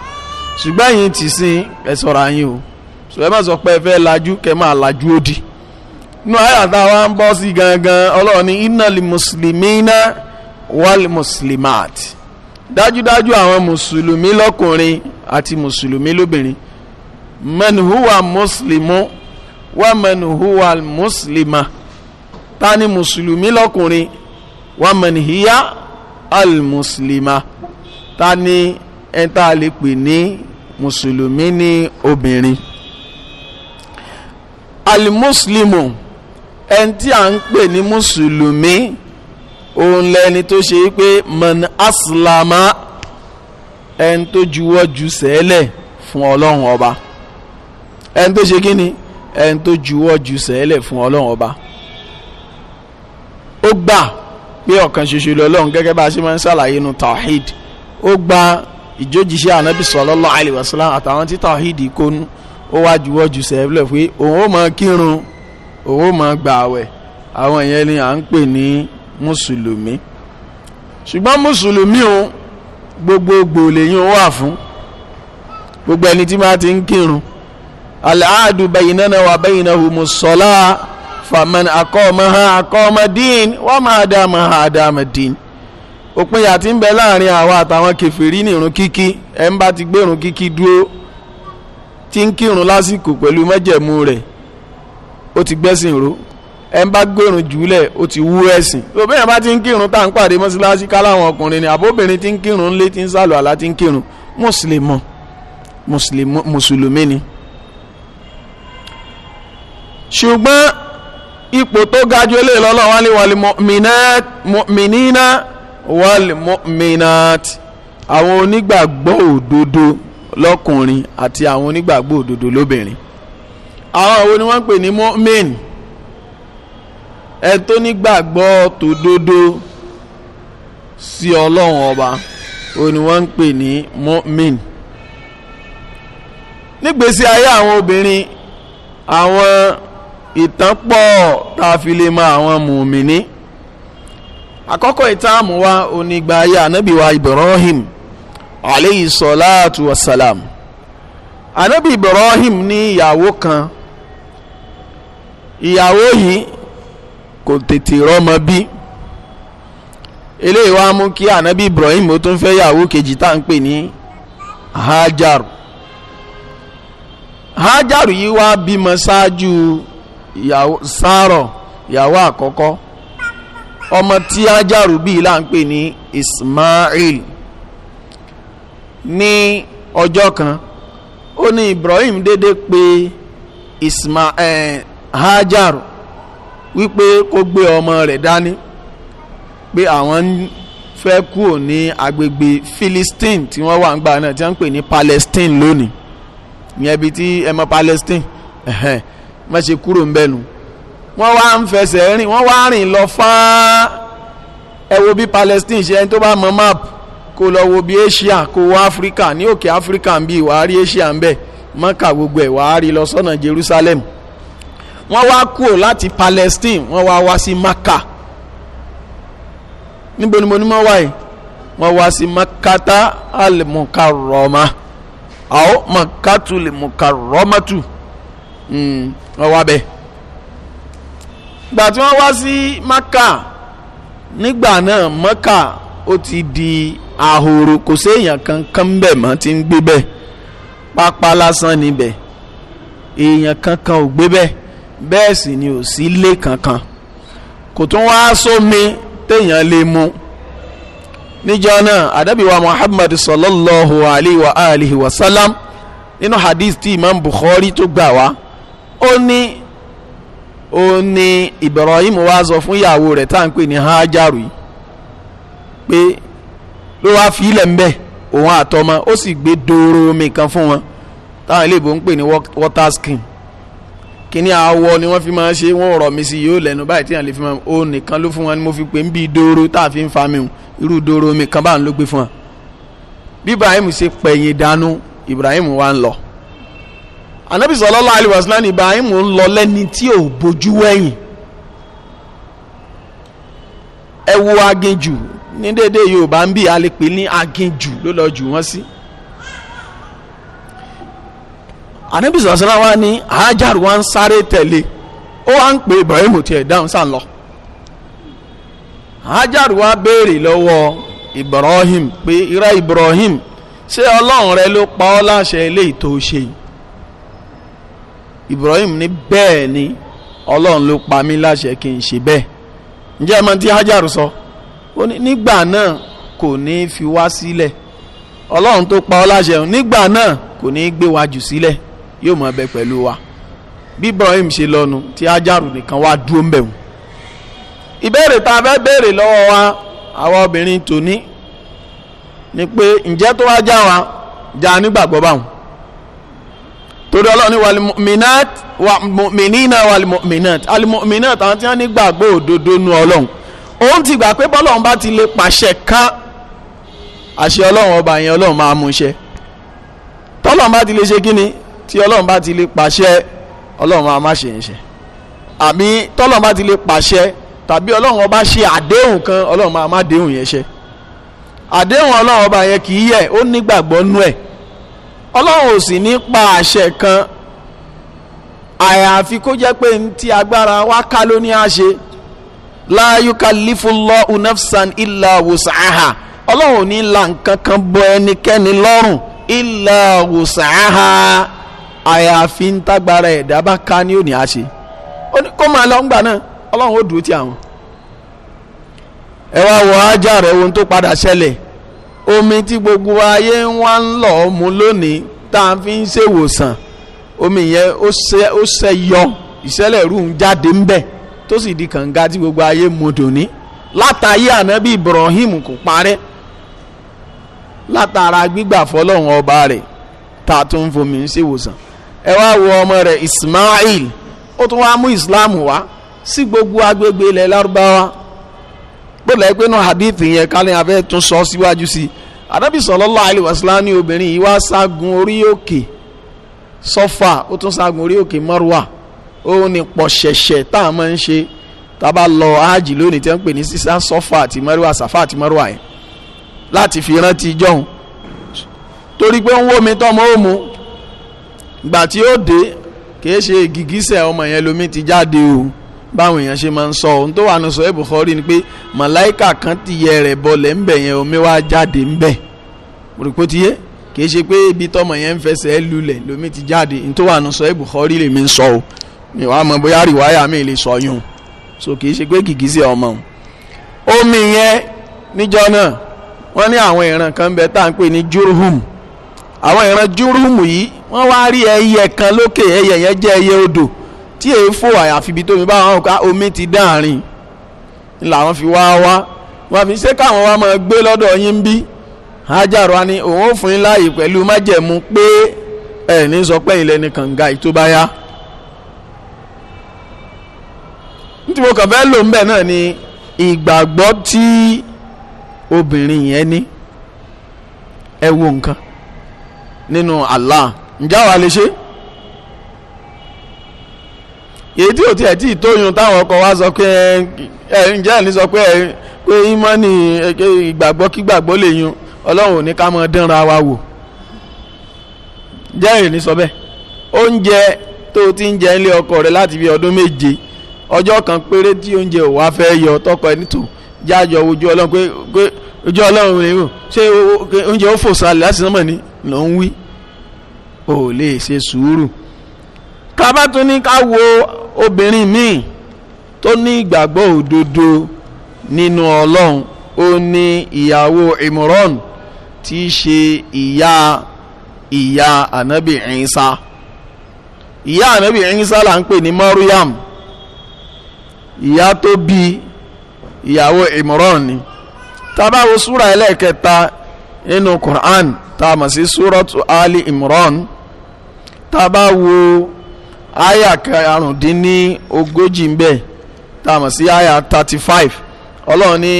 ṣùgbọ́n yìí ti sin ẹ̀ sọ̀rọ̀ àyìn o ṣùgbọ́n ẹ má sọ pé ẹ fẹ́ lajú kẹ́ máa lajú ó di inú àyàtà wa ń bọ́ sí gangan ọlọ́run ní innal muslimina wal muslimat dájúdájú àwọn mùsùlùmí lọ́kùnrin àti mùsùlùmí lóbìnrin man huwa muslimu wa man huwa muslima ta ni mùsùlùmí lọ́kùnrin wa man hiya al muslima ta ni ẹni tá a lè pè ní mùsùlùmí ní obìnrin al muslimu ẹni tí à ń pè ní mùsùlùmí òun lẹni tó ṣe pé mọ̀n áṣìlámà ẹni tó juwọ́ ju sẹ́lẹ̀ fún ọlọ́run ọba ẹni tó ṣe kí ni ẹni tó juwọ́ ju sẹ́lẹ̀ fún ọlọ́run ọba ó gbà pé ọ̀kan ṣoṣo lọ́lọ́run gẹ́gẹ́ bá a ṣe máa ń ṣàlàyé nu tawhid ó gba ìjójìṣẹ́ ànábì sallallahu alaihi àtàwọn tí tawhid kónú ó wá juwọ́ ju sẹ́lẹ̀ fún òun ó máa kírun ó ma gba àwẹ̀ àwọn ìyẹn ni à ń pè ní mùsùlùmí ṣùgbọ́n mùsùlùmí o gbogbogbò lèyìn wà fún gbogbo ẹni tí máa ti ń kírun aláàdù bẹ̀yìnánà wà bẹ̀yìnà hùmùsọ́lá fàmán akọ́mọ́há akọ́mọ́dín wọ́n máa ha dáàmà dín òpin yàtí ń bẹ láàrin àwa àtàwọn kẹfìrí ní irun kíkí ẹ̀ ń bá ti gbé irun kíkí dúró tí ń kírun ó ti gbẹ́sìn ró ẹ ń bá gbèrún jùlẹ̀ ó ti wú ẹ̀sìn tó bẹ́ẹ̀ bá ti ń kírun tá à ń pàdé mọ́ṣáláṣí káláwọn ọkùnrin ni àbóbìnrin ti ń kírun ńlé ti ń sàlù àlá ti ń kírun mùsùlùmọ́ mùsùlùmí ni. ṣùgbọ́n ipò tó ga jù eléyìí lọ́lọ́ wálé wàlí mọ̀mìnínà wàlí mọ̀mìnàt àwọn onígbàgbọ́ òdodo lọ́kùnrin àti àwọn onígbàgbọ́ òdodo lóbìnrin àwọn òwò ni wọ́n ń pè ní mọ́mìn ẹ tó nígbàgbọ́ tòdodo sí ọlọ́run ọba òun ni wọ́n ń pè ní mọ́mìn nígbésí ayé àwọn obìnrin àwọn ìtàn pọ̀ tá a fi lè mọ àwọn mùmìnì àkọ́kọ́ ìtààmù wa onígbà ayé ànábì Ibrahim aleyhi sọláàtù wasalam ànábì Ibrahim ní ìyàwó kan ìyàwó yìí kò tètè rọ́mọ bí eléyìí wá mú kí ànábì Ibrahim ó tún fẹ́ yàwó kejì tá à ń pè ní Hajaru Hajaru yìí wá bímọ ṣáájú ìyàwó ìyàwó àkọ́kọ́ ọmọ tí Hajaru bíi là ń pè ní Ismail ní ọjọ́ kan ó ní Ibrahim dédé pé Ismail. Eh, Hajar wípé kó gbé ọmọ rẹ̀ dání pé àwọn ń fẹ́ kúrò ní agbègbè Philistine tí wọ́n wà ń gbà náà tí wọ́n ń pè ní Palestine lónìí ìyẹn ibi tí ẹ mọ̀ Palestine má ṣe kúrò ń bẹ̀ nù wọ́n wá ń fẹsẹ̀ rìn wọ́n wá rìn lọ fáá ẹ wo bí Palestine ṣe ẹni tó bá mọ̀ map kó lọ wo bí Asia kó wo Africa ní òkè Africa ń bí ìwà rí Asia ń bẹ̀ mọ́kà gbogbo ẹ̀ wàá rí lọ sọ́nà Jerusalem. So wọ́n wá kúrò láti Palestine wọ́n wá wá sí Maka níbo ni mo ní mọ́ wáyé wọ́n wá sí Makata alimukaroma àwọn Makatu limukaromatu hmm, wọ́n wá bẹ́ẹ̀ gbà tí wọ́n wá sí Maka nígbà náà Maka ó ti di ahoro kò séèyàn kankan bẹ́ẹ̀ mọ́ ti ń gbé bẹ́ẹ̀ pápá lásán níbẹ̀ èèyàn kankan ò gbé bẹ́ẹ̀ bẹ́ẹ̀ sì ni ò sí lé kankan kò tún wá sómi téèyàn lè mu níjọ́ náà àdábìwá muhammad sallallahu alayhi wa alayhi wa salam nínú hadith tí imam bukhari tó gbà wá ó ní ó ní ibrahim wá sọ fún ìyàwó rẹ̀ tá à ń pè ní hajaru yìí pé ló wá fi ilẹ̀ ńbẹ̀ òun àtọmọ ó sì gbé dooro omi kan fún wọn táwọn ilé ìbò ń pè ní water skin kíní awọ ni wọ́n fi máa ṣe wọ́n rọ̀ mi sí yóò lẹ́nu báyìí tíyàn lè fi máa o nìkan ló fún wọn ni mo fi pè ń bí dóró tá a fi ń fa mi hùn irú dóró mi kan báà ń ló gbé fún wa bí Ibrahim ṣe pẹ̀yìn dànù Ibrahim wa ń lọ anabi sallallahu alaihi wasallam Ibrahim ń lọ lẹ́ni tí ò bójú wẹ̀yìn ẹ wo aginjù ní déédéé Yorùbá ń bí a lè ní aginjù ló lọ jù wọ́n sí. Si ànábì sọ̀sọ́ra wa ní hajar wa ń sáré tẹ̀lé ó wá ń pè ibrahim tiẹ̀ dáhùn sàn lọ hajar wa béèrè lọ́wọ́ ibrahim pé ira ibrahim ṣé ọlọ́run rẹ ló pa ọ́ láṣẹ eléyìí tó ṣe ibrahim ní bẹ́ẹ̀ ni ọlọ́run ló pa mí láṣẹ kí n ṣe bẹ́ẹ̀ ǹjẹ́ ẹ mọ̀ hajar sọ ó ní nígbà náà kò ní fi wá sílẹ̀ ọlọ́run tó pa ọ́ láṣẹ nígbà náà kò ní gbé wa jù Si yóò máa bẹ pẹ̀lú wa bí Ibrahim ṣe lọ́nu tí ajaru nìkan wá dúró ń bẹ̀wò ìbéèrè tá a fẹ́ béèrè lọ́wọ́ wa àwa obìnrin tòní ni pé ǹjẹ́ tó wá já wa já nígbàgbọ́ báwọn torí ọlọ́ni wàlmùmínát wàmùmínínà wàlmùmínát alimùmínát àwọn tí wọ́n nígbàgbọ́ òdodo nu ọlọ́run òun ti gbà pé bọ́lọ́run bá ti lè pàṣẹ ká àṣẹ ọlọ́run ọba yẹn ọlọ́run máa mú iṣẹ́ tọ́lọ́run bá ti lè ṣe kí ni tí ọlọ́run bá ti lè pàṣẹ ọlọ́run máa má ṣe ń ṣe àmì tọ́lọ́run bá ti lè pàṣẹ tàbí ọlọ́run ọba ṣe àdéhùn kan ọlọ́run máa má déhùn yẹn ṣe àdéhùn ọlọ́run ọba yẹn kì í yẹ ó nígbàgbọ́ nú ẹ̀ ọlọ́run ò sì ní pa àṣẹ kan àyàfi kó jẹ́ pé ní ti agbára wa ká ló ní á ṣe la yukallifullahu nafsan illa wùsàáhà ọlọ́run ò ní la nǹkan kan bọ ẹnikẹ́ni lọ́rùn illa wùsàáhà. àyàfi ń tágbára ẹ̀dá bá ká ní òní àṣe kó máa lọ ńgbà náà ọlọ́run ó dúró ti àwọn. ẹ wá wọ ajá rẹ ohun tó padà ṣẹlẹ̀ omi tí gbogbo ayé ń wá ń lọ mu lónìí tá a fi ń ṣèwòsàn omi yẹn ó ṣe yọ ìṣẹ̀lẹ̀ rú ń jáde ń bẹ̀ tó sì di kànga tí gbogbo ayé mu dòní látàyé ànábì Ibrahim kò parẹ́ látara gbígbà fọlọ́run ọba rẹ̀ tá a tún ń fomi ń ṣèwòsàn. ẹ wá wo ọmọ rẹ Ismail ó tún wá mú Islam wá sí gbogbo agbègbè ilẹ̀ lárúbáwá gbọ́dọ̀ ẹ pé náà hadith yẹn kálí abẹ́ tún sọ síwájú sí Ànábì sallallahu alaihi wasallam ní obìnrin yìí wá ságun orí òkè Sọ́fà ó tún ságun orí òkè Marwa ó ní pọ̀ ṣẹ̀ṣẹ̀ tá a máa ń ṣe tá a bá lọ áàjì lónìí tí wọ́n pè ní sísá Sọ́fà àti Marwa Sàfà àti Marwa yẹn láti fi rántí jọ̀hún torí pé ń wó mi tọ́ mọ́ òmu gbà tí ó dé kìí ṣe gìgísẹ̀ ọmọ yẹn lomi ti jáde o báwọn èèyàn ṣe máa ń sọ ohun tó wà ní sọ ẹ̀bùkọ́rí ni pé màláìkà kan ti yẹ rẹ̀ bọlẹ̀ ńbẹ̀ yẹn omi wá jáde ńbẹ̀ rògbò ti yé kìí ṣe pé ibi tọmọ yẹn ń fẹsẹ̀ lulẹ̀ lomi ti jáde ohun tó wà ní sọ ẹ̀bùkọ́rí lèmi ń sọ o mi wàá mọ bóyá rìwáyà mi lè sọ yún so kìí ṣe pé gìgísẹ̀ ọmọ omi yẹn níjọ́ náà wọ́n ní àwọn ìran kan bẹ tá à ń pè ní jurhum àwọn ìran jurhum yìí wọ́n wá rí ẹyẹ kan lókè ẹyẹ yẹn jẹ́ ẹyẹ odò tí èyí fò àyàfi ibi tómi bá wọn ká omi ti dáàrin làwọn fi wá wá wọn fi ṣe káwọn wá máa gbé lọ́dọ̀ yín bí Hajaru ni òun ò fún yín láàyè pẹ̀lú májẹ̀mú pé ẹ̀ ní sọ pé ilẹ̀ nìkan ga ìtóbáyá. tí mo kàn fẹ́ lò ń bẹ̀ náà ni ìgbàgbọ́ tí obìnrin yẹn ní ẹ wo nǹkan nínú Allah ǹjẹ́ àwa lè ṣe èyí tí ò tiẹ̀ tí ì tóyún táwọn ọkọ̀ wa sọ pé ẹ ǹjẹ́ ẹ̀ ní sọ pé ẹ pé ìmọ̀ọ́nì ìgbàgbọ́ kí gbàgbọ́ lè yun ọlọ́run ò ní ká mọ̀ dánra wa wò jẹ́rìí ní sọ bẹ́ẹ̀ oúnjẹ tó o ti ń jẹ nílé ọkọ rẹ láti fi ọdún méje ọjọ́ kan péré tí oúnjẹ ò wá fẹ́ yọ tọkọ ẹni tó jájọ ojú ọlọ́run pé ojú ọlọ́run rẹ̀ ṣé oúnjẹ ó fò sálẹ̀ láti sánmọ̀ ni ló wí ò lè ṣe sùúrù tábà tún ní ká wo obìnrin míì tó ní ìgbàgbọ́ òdodo nínú ọlọ́run ó ní ìyàwó Imran tí í ṣe ìyá ìyá ànábì Ìsá ìyá ànábì Ìsá là ń pè ní Maryam ìyá tó bí ìyàwó Imran ni tábà wo súra ẹlẹ́ẹ̀kẹta nínú Qur'an tá a mọ̀ sí súrọ́tù Ali Imran tá a bá wo àyà karùndínní ogójì ń bẹ tá a mọ̀ sí àyà thirty five ọlọ́run ní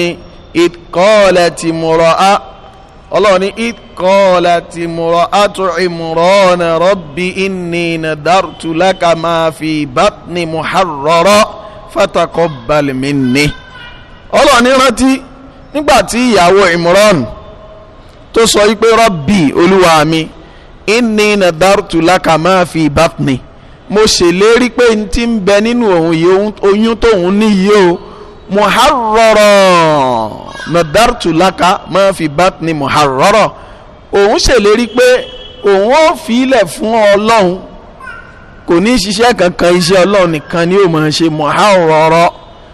ìkọ́ọ̀lẹ̀ ti mọ̀rọ̀ á ọlọ́run ní ìkọ́ọ̀lẹ̀ ti mọ̀rọ̀ á tó ìmọ̀rọ̀ ọ̀nà rọ́bì inni nadartu laka ma fi batni muharrara fataqabbal minni ọlọ́run ní rántí nígbà tí ìyàwó ìmọ̀rọ̀ tó sọ wípé rọ́bì olúwa mi inni nadartu laka ma fi batni mo ṣèlérí pé n ti ń bẹ nínú òun yìí oyún tóun níyìí o muharrọrọ nadartu laka ma fi batni muharrọrọ òun ṣèlérí pé òun ó filẹ̀ fún ọlọ́run kò ní ṣiṣẹ́ kankan iṣẹ́ ọlọ́run nìkan ni ó máa ṣe muharrọrọ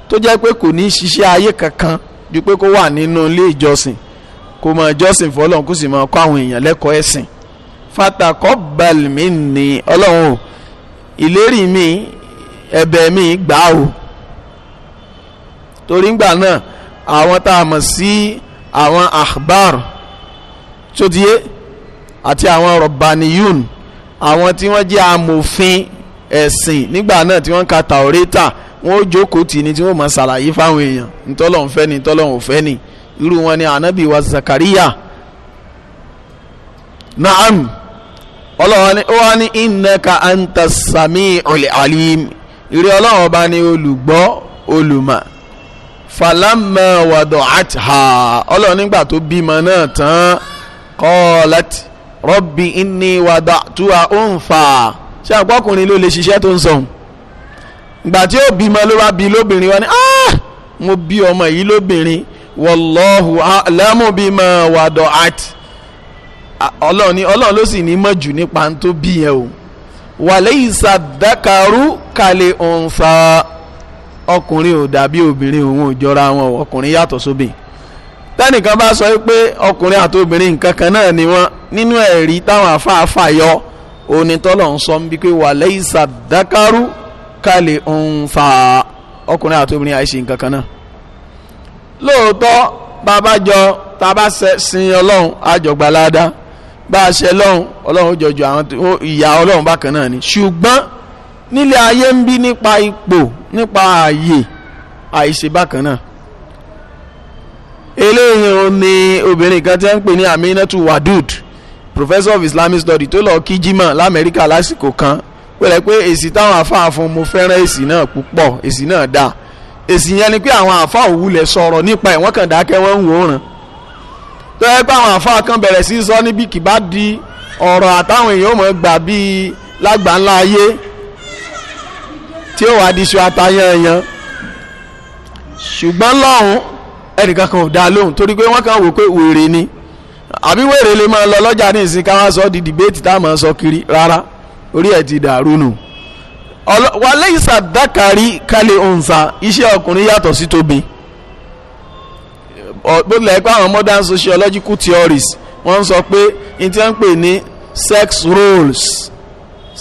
tó jẹ́ pé kò ní ṣiṣẹ́ ayé kankan ju pé kó wà nínú ilé ìjọsìn kó máa jọ́sìn fọlọ́run kó sì máa kọ́ àwọn èèyàn lẹ́kọ̀ọ́ ẹ̀sìn fataqabbal minni ọlọ́run o ìlérí mi ẹ̀bẹ̀ mi gbà o torí ngbà náà àwọn tá a mọ̀ sí àwọn akhbar tó ti yé àti àwọn rọ̀bàníyún àwọn tí wọ́n jẹ́ amòfin ẹ̀sìn nígbà náà tí wọ́n ka taurita wọ́n jókòó tì ní tí wọ́n máa ṣàlàyé fáwọn èèyàn ntọ́lọ́hún ni ntọ́lọ́hún ni irú wọn ni anabi wa zakariya naam ọlọ́wọ́ ni ó wá ní innaka anta sami'ul alim ìrẹ́ ọlọ́wọ́ bá ní olùgbọ́ olùmọ̀ falamma wada'atha ọlọ́wọ́ nígbà tó bímọ náà tán qalat rabbi inni wada'tuha untha ṣé àpọ́kùnrin ló lè ṣiṣẹ́ tó ń sọ̀hún ìgbà tí ó bímọ ló bá bí lóbìnrin wọn ni ah! mo bí ọmọ yìí lóbìnrin wallahu a'lamu bima wada'at ọlọ́run ni ọlọ́run ló sì ní mọ̀jù nípa tó bí yẹn o wàlẹ́yìísà dákàrú kalẹ̀ ọ̀nsà ọkùnrin ò dàbí obìnrin òun ò jọra wọn ọkùnrin yàtọ̀ sóbìn tẹ́nìkan bá sọ pé ọkùnrin àti obìnrin nǹkan kan náà ni wọ́n nínú ẹ̀rí táwọn afáàfà yọ onítọ́lọ̀ ń sọ bí pé wàlẹ́yìísà dákàrú kalẹ̀ ọ̀nsà ọkùnrin àti obìnrin àìsí nǹkan kan náà lóòótọ́ bàbá jọ tá a bá sin ọlọ́run àjọgbàládá bá a ṣe lọ́hùn ọlọ́run jọjọ àwọn ìyá ọlọ́run bákan náà ni ṣùgbọ́n nílé ayé ń bí nípa ipò nípa ààyè àìṣe bákan náà eléyìí ni obìnrin kan tí ń pè ní Aminatu Wadud professor of Islamic study tó lọ kí jimá lamẹ́ríkà lásìkò kan pẹ̀lẹ́ pé èsì táwọn àfáà fún mo fẹ́ràn èsì náà púpọ̀ èsì náà dáa èsì yẹn ni pé àwọn àfáà òwúlẹ̀ sọ̀rọ̀ nípa ẹ̀ wọ́n kàn dákẹ́ wọ́n ń wòran tó yẹ pé àwọn àfa kan bẹ̀rẹ̀ sí sọ níbi kì bá di ọ̀rọ̀ àtàwọn èèyàn mọ̀ gbà bíi lágbàńlá ayé tí ó wàá di iṣu atayanyan ṣùgbọ́n lọ́hùn ẹnìkan kan ò dá lóhùn torí pé wọ́n kàn wò pé wèrè ni àbí wèrè lè máa lọ lọ́jà ní ìsìn ká wá sọ di dìbéètì tá a máa sọ kiri rárá orí ẹ̀ ti dàrú nù wàlẹ́ ìsàdákàrí kálí òǹsà iṣẹ́ ọkùnrin yàtọ̀ sí tóbi gbọ́dọ̀ pé àwọn modern sociological theories wọ́n ń sọ pé n tí wọ́n ń pè ní sex roles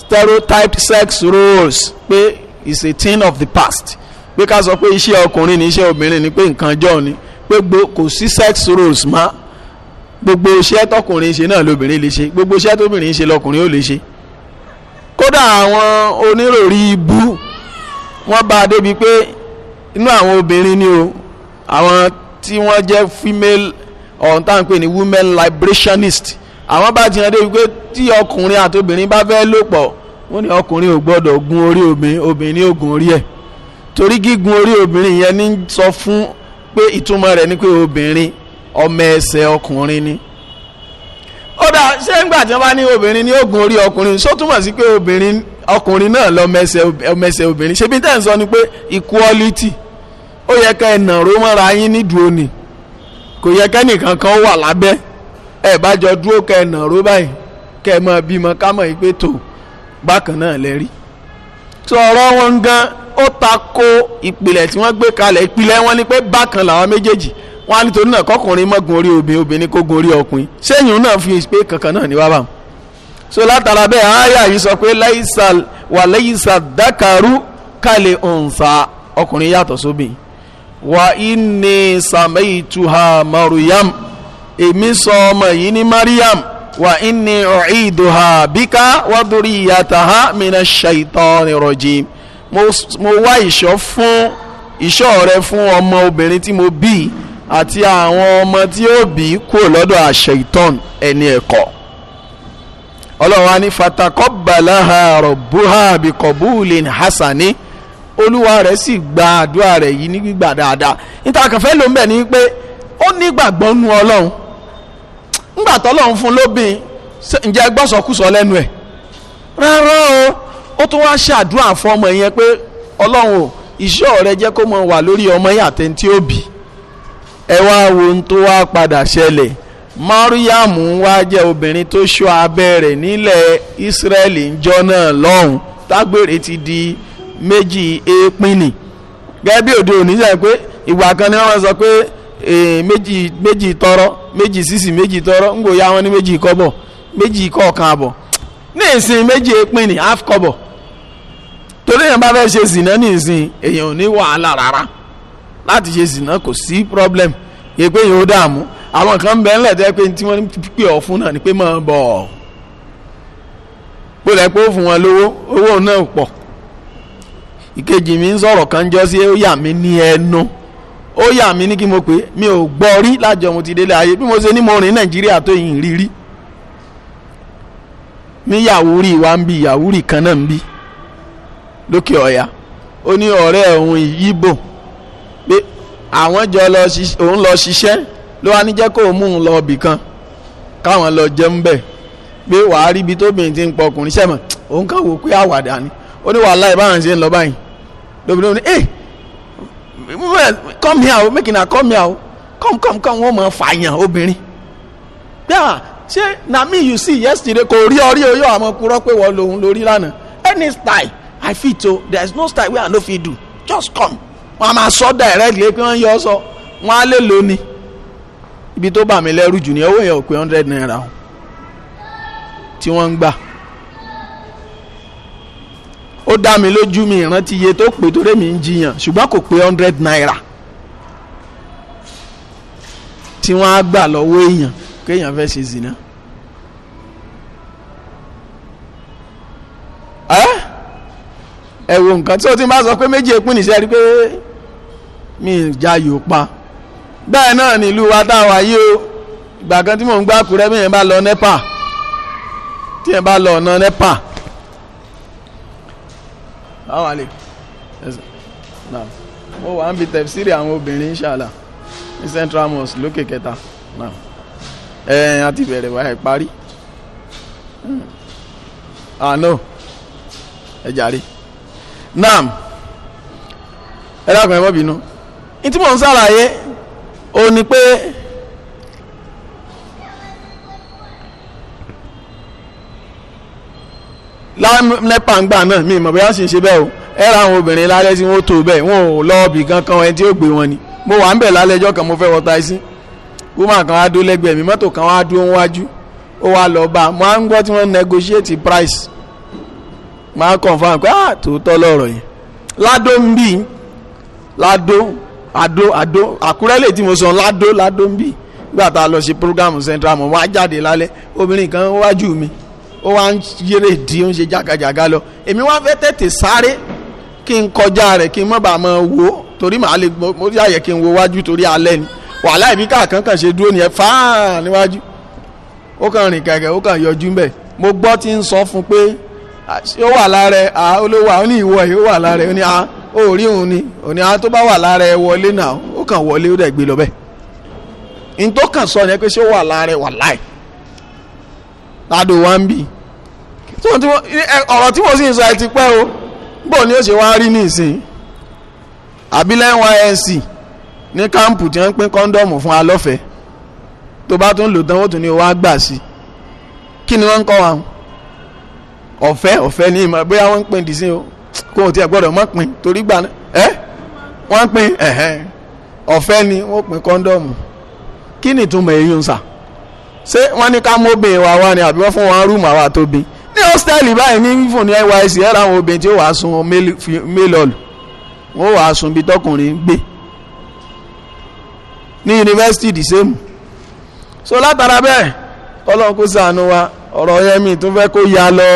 stereotyped sex roles pé is a thing of the past pé ká sọ pé iṣẹ́ ọkùnrin ni iṣẹ́ obìnrin ni pé nǹkan jọ ni pé kò sí sex roles mọ́ gbogbo iṣẹ́ tọkùnrin ṣe náà lóbìnrin lè ṣe gbogbo iṣẹ́ tóbìnrin ṣe lọkùnrin ó lè ṣe kódà àwọn oníròrí ibú wọ́n bá a débi pé inú àwọn obìnrin ni o àwọn tí wọ́n jẹ́ female ọ̀hún tá à ń pè ní women liberationist àwọn bá ti hàn dé wípé tí ọkùnrin àti obìnrin bá fẹ́ lò pọ̀ wọ́n ní ọkùnrin ò gbọ́dọ̀ gun orí obìnrin obìnrin ò gun orí ẹ̀ torí gígun orí obìnrin yẹn ní sọ fún pé ìtumọ̀ rẹ̀ ni pé obìnrin ọmọ ẹsẹ̀ ọkùnrin ni ó dà ṣé ńgbà tí wọ́n bá ní obìnrin ní ó gun orí ọkùnrin ṣó túmọ̀ sí pé obìnrin ọkùnrin náà lọ́mọ ẹsẹ̀ obìnrin ṣebí tẹ́ ń sọ ni pé equality ó yẹ ká ẹ nàró mọ́ra yín nídùú òní kò yẹ kẹ́nìkan kan wà lábẹ́ ẹ bá jọ dúró ká ẹ nàró báyìí kẹ́ ẹ máa bímọ ká mọ̀ pé tò bákan náà lẹ rí. sọ̀rọ̀ wọn gan ó ta ko ìpìlẹ̀ tí wọ́n gbé kalẹ̀ ìpìlẹ̀ wọn ni pé bákan làwọn méjèèjì wọn á nítorí náà kọkùnrin mọ́gun orí obìnrin obìnrin kó gun orí ọkùnrin sẹ́yìn náà fi pé kankan náà ní wá bá wọn. so látara bẹ́ẹ̀ aya yìí sọ pé wà ọkùnrin yàtọ̀ sóbìn. So wa inni samaituha maryam èmi sọ ọmọ yìí ní maryam wa inni u'iduha bika wa duriyataha minash shaitani rajim mo wá ìṣọ́ fún ìṣọ́ rẹ fún ọmọ obìnrin tí mo bí àti àwọn ọmọ tí ó bí kúrò lọ́dọ̀ àṣeitan ẹni ẹ̀kọ́ ọlọ́run ní fatakọ́ balaha rọ̀bùhà bíkọ̀bùlìn hasani. olúwa rẹ sì gba àdúrà rẹ̀ yìí ní gbígbà dáadáa níta ló ń bẹ̀ ni pé ó nígbàgbọ́ nu ọlọ́run ńgbà tọ́lọ́run o ó tún wá ṣàdúrà ọmọ yẹn pé ọlọ́run o iṣẹ́ jẹ́ kó mọ wà lórí ọmọ yẹn ẹ ohun tó wá padà mariam wá jẹ́ obìnrin tó náà lọ́hùn ti di méjì èèpin nì gẹ́gẹ́ bí òde òní sẹ́yìn pé kan ni wọ́n sọ pé méjì méjì tọrọ méjì sísì méjì tọrọ ń gòyà wọn ní méjì kọ́bọ̀ méjì kọ̀ọ̀kan àbọ̀ ní ìsìn méjì èèpin nì half kọ́bọ̀ torí èèyàn bá fẹ́ ṣe ní ìsìn èèyàn ò ní wàhálà rárá láti ṣe kò sí problem èpè yìí ó dààmú àwọn kan ń bẹ ńlẹ̀ tẹ́ pé tí wọ́n pè ọ́ fún náà ni pé bọ̀ ọ́ bó lẹ́ pé ó fún wọn ìkejì mi ń sọ̀rọ̀ kan jọ sí ó yà mí ní ẹnu ó yà mí ní kí mo pé mi ò gbọ́ rí lájọ mo ti délé ayé bí mo ṣe ní mo rìn nàìjíríà tó yìn rí rí ní yàwúrì wa ń bi yàwúrì kan náà ń bi lókè ọ̀yà ó ní ọ̀rẹ́ òun yíbò pé àwọn jọ òun lọ ṣiṣẹ́ ló wá ní jẹ́ kó mú un lọ ibì kan káwọn lọ jẹun bẹ̀ pé wàá rí ibi tóbìnrin ti ń pọkùnrin sẹ́mọ̀ òun kàn wò pé àwàdà ni ó ní wàhálà ìbáraǹsẹ̀ ń lọ báyìí lóbìnrin ní hey come here o make una come here o come come come wọ́n mọ̀ fàyàn obìnrin Yeah, ṣé na me you see yesterday kò rí ọrí oyún àmọ́ kúrọ́ pé wọ́n lòun lórí lánàá any style i fit o there is no style wey i no fit do just come wọ́n a máa sọ direct lé pé wọ́n yọ ọ sọ wọ́n á lè lò ní ibi tó bà mí jù ní owó yẹn ò pé hundred naira o tí wọ́n ń gbà ó dá mi lójú mi ìrántí iye tó pé torí mi ń jiyàn ṣùgbọ́n kò pé hundred naira tí wọ́n á gbà lọ́wọ́ èèyàn kéèyàn fẹ́ ṣe zina. ẹ wo nǹkan tí o ti máa sọ pé méjì èpín nìṣẹ́ rí pé mi ìjà yóò pa bẹ́ẹ̀ náà nílùú wa táwa yìí o ìgbà kan tí mò ń gbà kúrẹ́ bí yẹn bá lọ nẹ́pà tí yẹn bá lọ ọ̀nà nẹ́pà báwa lè nà mo wà ń bi tẹ̀síìrì àwọn obìnrin inshallah ní central mosque lókè kẹta nà ẹ ẹ àti bẹ̀rẹ̀ wáyà parí àná hmm. ah, ẹ jàre nam ẹ dákun ẹ bọ́ bínú ní tí mò ń ṣàlàyé ó ní pé. lẹ́pà ń gbà náà mi ìmọ̀ bóyá sì ń ṣe bẹ́ẹ̀ o ẹ ra àwọn obìnrin lálẹ́ tí wọ́n tó bẹ́ẹ̀ wọn ò lọ́ọ̀bì kankan ẹni tí ó gbé wọn ni mo wà ń bẹ̀ lálẹ́ ẹjọ́ kan mo fẹ́ wọ taisí woman kan wá dó lẹ́gbẹ̀ẹ́ mi mọ́tò kan wá dó wájú ó wá lọ bá mo á ń gbọ́ tí wọ́n negotiate price máa confam pé ah tòótọ́ lọ́rọ̀ yẹn ládó ń bì ládó àdó àdó àkúrẹ́ lè tí mo sọ ládó ládó ń bì nígbà lọ ṣe program central mo wá jáde lálẹ́ obìnrin kan wájú mi ó wá ń yéré di ó ń ṣe jágajàga lọ èmi wá fẹ́ tètè sáré kí n kọjá rẹ̀ kí n má bàa mọ wo torí màá lè mo yàyẹ kí n wo wájú torí alẹ́ ni wàhálà ìbí kàkán kàn ṣe dúró nìyẹn fáà níwájú ó kàn rìn kẹ̀kẹ́ ó kàn yọjú mo gbọ́ tí ń fún pé ó wà wà lára ẹ̀ rí òun ni ní à tó bá wà lára ẹ̀ wọlé náà ó kàn wọlé ó dẹ̀ gbé lọ bẹ́ẹ̀ ní tó kàn wà lára ẹ̀ wà láì ládò wá ń bì ọ̀rọ̀ tí mo sì ń sọ ẹ ti pẹ́ o bó ni ó ṣe wá rí nísìn àbílẹ̀ nysc ní káàmpù tí wọ́n ń pín kọ́ńdọ̀mù fún alọ́fẹ̀ẹ́ tó bá tún lò tán ó tún ní wàá gbà sí i kí ni wọ́n ń kọ́ wa ọ̀fẹ́ ọ̀fẹ́ ní ìmọ̀ bóyá wọ́n ń pín dìísí o kó o tiẹ̀ gbọ́dọ̀ mọ́ pín torí gbà ẹ́ wọ́n pín ọ̀fẹ́ ni wọ́n pín kọ́ńdọ̀mù kí ni ìtumọ̀ èyí ń sà ṣé wọ́n ní ká mú obìnrin wa wá ni àbí wọ́n fún wọn rúùmù àwa tó bí ní hostel báyìí ní fún ní nysc ẹ ra àwọn obìnrin tí ó wàá sun mailọ̀lù wọ́n wàá sun bí tọkùnrin gbé ní yunifásitì the same so látara bẹ́ẹ̀ ọlọ́run kó ṣàánú wa ọ̀rọ̀ yẹn mi tún fẹ́ kó ya lọ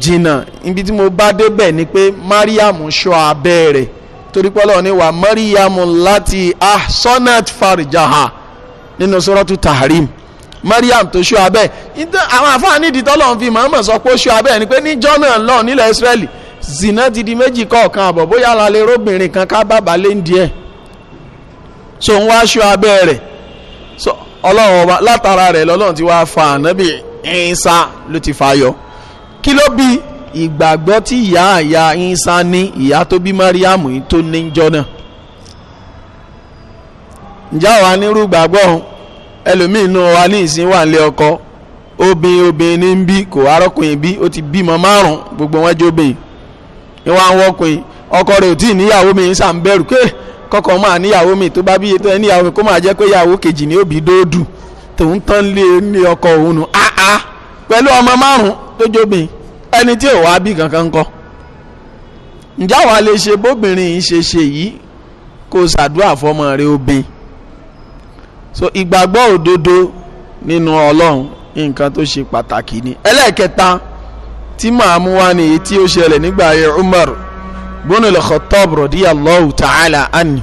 jìnnà ibi tí mo bá débẹ̀ ni pé mariam ṣọ́ abẹ́ rẹ̀ torí pé ọlọ́run ní wa mariam láti ahsanat farjaha nínú sọ́rọ́tù tahrim Mariam tó ṣú abẹ́ àwọn àfáàní ìdí tọ́lọ́run fi mọ̀ọ́mọ̀ sọ pé ó ṣú abẹ́ ni pé níjọ́ náà lọ nílẹ̀ Israẹli zina ti di méjì kọ̀ọ̀kan àbọ̀ bóyá lálẹ́ róbìnrin kan ká bàbá lé ń díẹ̀ so ń wá ṣú abẹ́ rẹ̀ so ọlọ́run ọba látara rẹ̀ lọ́lọ́run ti wá fa ànábì Ìsá ló ti fa yọ kí ló bí ìgbàgbọ́ tí ìyá àyà Ìsá ní ìyá tó bí Mariam tó níjọ́ náà ǹjẹ́ àwa nírú gbàgbọ́ ẹlòmíì nù wa ní ìsìn wà nílé ọkọ obìnrin obìnrin ní bí kò arọ́kùnrin bí ó ti bímọ márùn gbogbo wọn jóbìn ni wọn ọkọ rẹ ò tí ì níyàwó mi sà ń bẹ̀rù kọkọ máa níyàwó mi tó bá bí níyàwó mi kó máa pé kejì ní òbí dóòdù tòun ah, ah, ọmọ márùn tó ẹni tí ò wá kankan ǹjẹ́ àwa lè ṣe bóbìnrin yìí ṣe ṣe yìí kó ṣàdúrà fọmọ rẹ so ìgbàgbọ́ òdodo nínú ọlọ́run nǹkan tó ṣe pàtàkì ni ẹlẹ́ẹ̀kẹta tí màá mú wá ní èyí tí ó ṣẹlẹ̀ nígbà ayé Umar gbónú lọ́kọ̀tọ́bù radiyallahu ta'ala anhu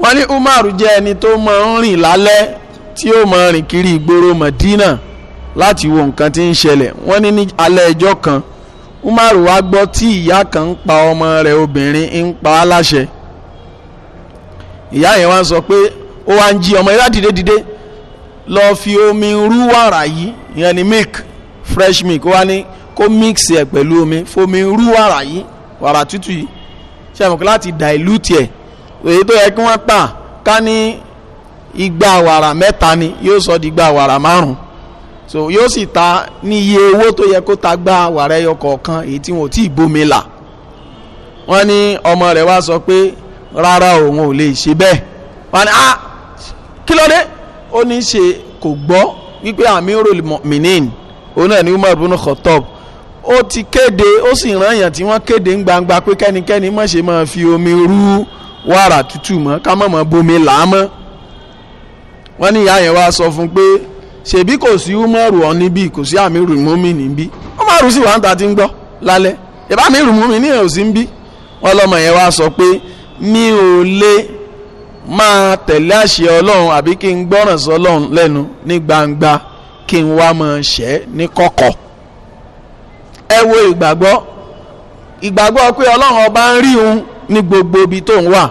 wọ́n ní Umar jẹ́ ẹni tó máa ń rìn lálẹ́ tí ó máa rìn kiri ìgboro Madina láti wo nǹkan tí ń ṣẹlẹ̀ wọ́n ní ní alẹ́ ẹjọ́ kan Umar wá gbọ́ tí ìyá kan ń pa ọmọ rẹ̀ obìnrin ń pa á láṣẹ ìyá yẹn wá sọ pé ó wá ń jí ọmọ yẹn dìde dìde lọ fi omi rú wàrà yìí ìyẹn ni milk fresh milk ó wá ní kó mix ẹ̀ pẹ̀lú omi fomi rú wàrà yìí wàrà tútù yìí ṣe àmọ̀kí láti dilute ẹ̀ èyí tó yẹ kí wọ́n pa ká ní igba wàrà mẹ́ta ni yóò sọ di igba wàrà márùn so yóò sì ta ní iye owó tó yẹ kó ta gba wàrà ẹyọ kọ̀ọ̀kan èyí tí wọn ò tí ì bomi là wọ́n ní ọmọ rẹ̀ wá sọ pé rárá òun ò lè ṣe bẹ́ẹ̀ wọ́n ní ah kí ló dé ó ní í ṣe kò gbọ́ wípé amirul mu'minin òun náà ní Umar bin Khattab ó ti kéde ó sì rán èèyàn tí wọ́n kéde ń gbangba pé kẹ́nikẹ́ni má ṣe máa fi omi rú wàrà tútù mọ́ ká má máa bomi là wọ́n ní ìyá yẹn wá sọ fún pé ṣèbí kò sí Umaru ọ níbí kò sí Amirul Mu'minin níbí Umaru sì wà ń ta ti ń gbọ́ lálẹ́ ìbá Amirul Mu'minin ò sí ń bí wọ́n lọ́mọ yẹn wá sọ pé mi ò lè máa tẹ̀lé àṣẹ ọlọ́run àbí kí n gbọ́ràn sí ọlọ́run lẹ́nu ní gbangba kí n wá máa ṣẹ́ ní kọ̀kọ̀ ẹ wo ìgbàgbọ́ ìgbàgbọ́ pé ọlọ́run ọba ń rí òun ní gbogbo ibi tó ń wà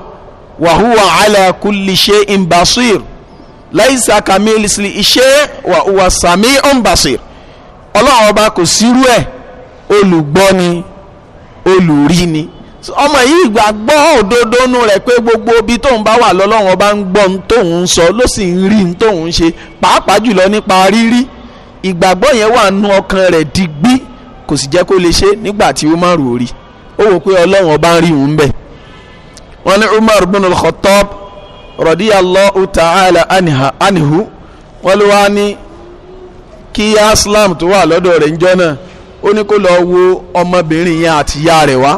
wàhúwà ala kulli iṣẹ́ ọlọ́run ọba kò sírú ẹ̀ ọmọ yìí gbàgbọ́ òdodo nu rẹ̀ pé gbogbo ibi tóun bá wà lọ́lọ́run ọba ń gbọ́ ohun tóun ń sọ ló sì ń rí ohun tóun ń ṣe pàápàá jùlọ nípa rírí ìgbàgbọ́ yẹn wà nú ọkàn rẹ̀ digbí kò sì jẹ́ kó lè ṣe nígbà tí Umar ò rí ó wò pé ọlọ́run ọba ń rí òun bẹ̀. wọ́n ní Umar bin al-Khattab radiyallahu ta'ala anhu wọ́n ló wá ní kí Aslam tó wà lọ́dọ̀ rẹ̀ ń jọ́ náà ó ní kó lọ wo ọmọbìnrin yẹn àtìyá rẹ̀ wá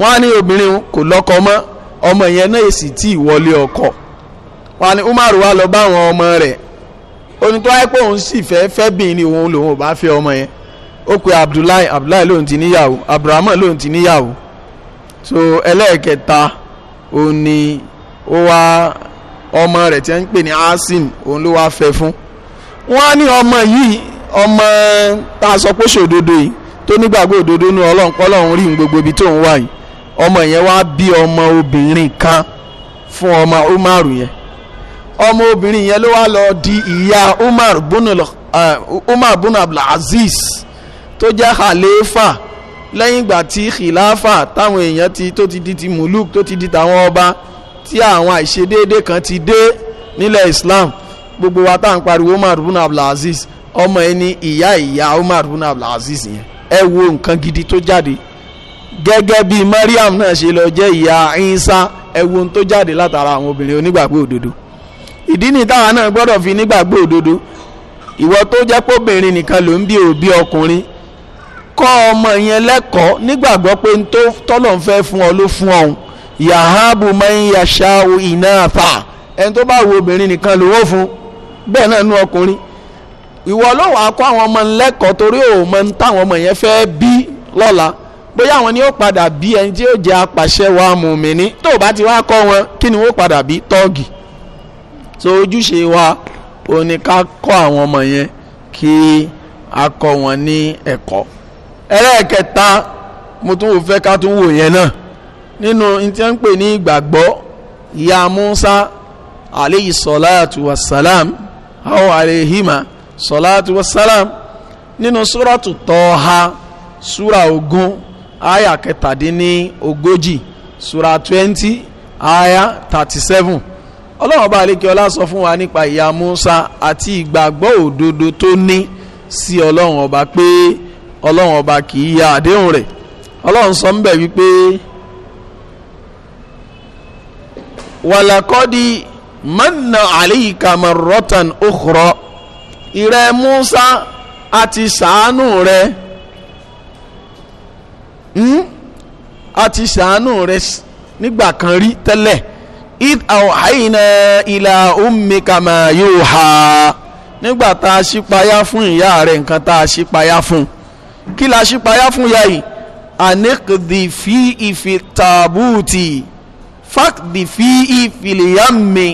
wọ́n á ní obìnrin kò lọ́kọ mọ́ ọmọ yẹn náà èsì tí ìwọlé ọkọ wọ́n á ní Umaru wá lọ bá àwọn ọmọ rẹ̀ onítọ́ ẹ pé òun sì fẹ́ fẹ́ bìnrin òun lòun ò bá fẹ́ ọmọ yẹn ó pe Abdullahi Abdullahi lòun ti níyàwó Abrahamu lòun ti níyàwó so ẹlẹ́ẹ̀kẹta òun ni ó wá ọmọ rẹ̀ tí wọ́n ń pè ní Asim òun ló wá fẹ́ fún wọ́n á ní ọmọ yìí ọmọ tá a sọ pé ṣòdodo yìí tó nígbàgbọ́ òdodo nu ọlọ́run pọ́lọ́run rí gbogbo ibi tó ń wà yìí ọmọ yẹn wá bí ọmọ obìnrin kan fún ọmọ umaru yẹn ọmọ obìnrin yẹn ló wá lọ di ìyá umar bunu eh, umar bunu abdulaziz tó jẹ́ khalifa lẹ́yìn ìgbà tí khilafa táwọn èèyàn ti tó ti di ti muluk tó ti di tàwọn ọba tí àwọn àìṣedéédé kan ti dé nílẹ̀ islam gbogbo wa tá à ń pariwo umar bin abdulaziz ọmọ ẹni ìyá ìyá umar bin abdulaziz yẹn ẹ wo nǹkan gidi tó jáde gẹ́gẹ́ bí Mariam náà ṣe lọ jẹ́ ìyá Ìsá ẹ̀wọ̀n tó jáde látara àwọn obìnrin onígbàgbọ́ òdodo ìdí ni táwa náà gbọ́dọ̀ fi nígbàgbọ́ òdodo ìwọ tó jẹ́ pé obìnrin nìkan ló ń bí òbí ọkùnrin kọ́ ọmọ yẹn lẹ́kọ̀ọ́ nígbàgbọ́ pé n tó tọ́lọ̀ ń fẹ́ fún ọ ló fún ọ̀hún yahabu mayasha inafa ẹni tó bá wo obìnrin nìkan ló wọ́n fún bẹ́ẹ̀ náà nú ọkùnrin ìwọ ló wàá kọ́ àwọn ọmọ lẹ́kọ̀ọ́ torí òun mọ táwọn ọmọ yẹn fẹ́ bí lọ́la bóyá àwọn ni ó padà bí ẹni tí ó jẹ́ apàṣẹ wa mùmíní tó o bá ti wá kọ́ wọn kí ni wọ́n padà bí tọ́ọ̀gì so ojúṣe wa ó ní ká kọ́ àwọn ọmọ yẹn kí a kọ́ wọn ní ẹ̀kọ́ ẹlẹ́ẹ̀kẹta mo tún fẹ́ ká tún wò yẹn náà nínú tí wọ́n ń pè ní ìgbàgbọ́ ìyá Musa aleyhi sọláàtù wasalam àwọn aleyhima sọláàtù wasalam nínú súrọ̀tù tọ́ha súra ogún aya kẹtàdínní ogójì sura twenty aya thirty seven ọlọ́run ọba àlekíọ́lá sọ fún wa nípa ìyá Musa àti ìgbàgbọ́ òdodo tó ní sí ọlọ́run ọba pé ọlọ́run ọba kì í ya àdéhùn rẹ̀ ọlọ́run sọ ń bẹ̀ wípé wàlàkọ́dí mọ́nà àlíkà mọ̀rọ́tàn òkúrọ̀ ìrẹ́ Musa àti ṣàánú rẹ̀ Hmm? a ti ṣàánú rẹ nígbà kan rí tẹ́lẹ̀ id awhayna ila ummika ma yuha nígbà tá a ṣípayá fún ìyá rẹ̀ nǹkan tá a ṣípayá fún kí la ṣípayá fún ìyá yìí anikdi fi ifi taabuti fakdi fi ifiliyami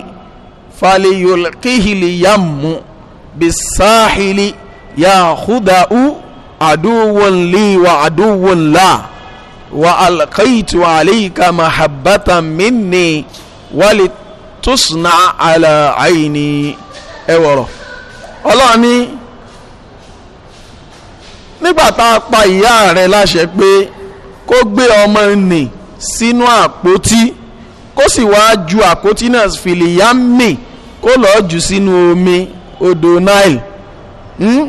faliyolkihiliyamu bisaahili yahudahu aduwun li wa aduwun la wa alkaitu alayka mahabbatan minni wali tusna ala aini ẹ wọ̀rọ̀ ọlọ́run ní nígbà tá a pa ìyá rẹ̀ láṣẹ pé kó gbé ọmọ nì sínú àpótí kó sì wáá ju àpótí náà fìlìyà mì kó lọ́ọ́ jù sínú omi odò nile. Hmm?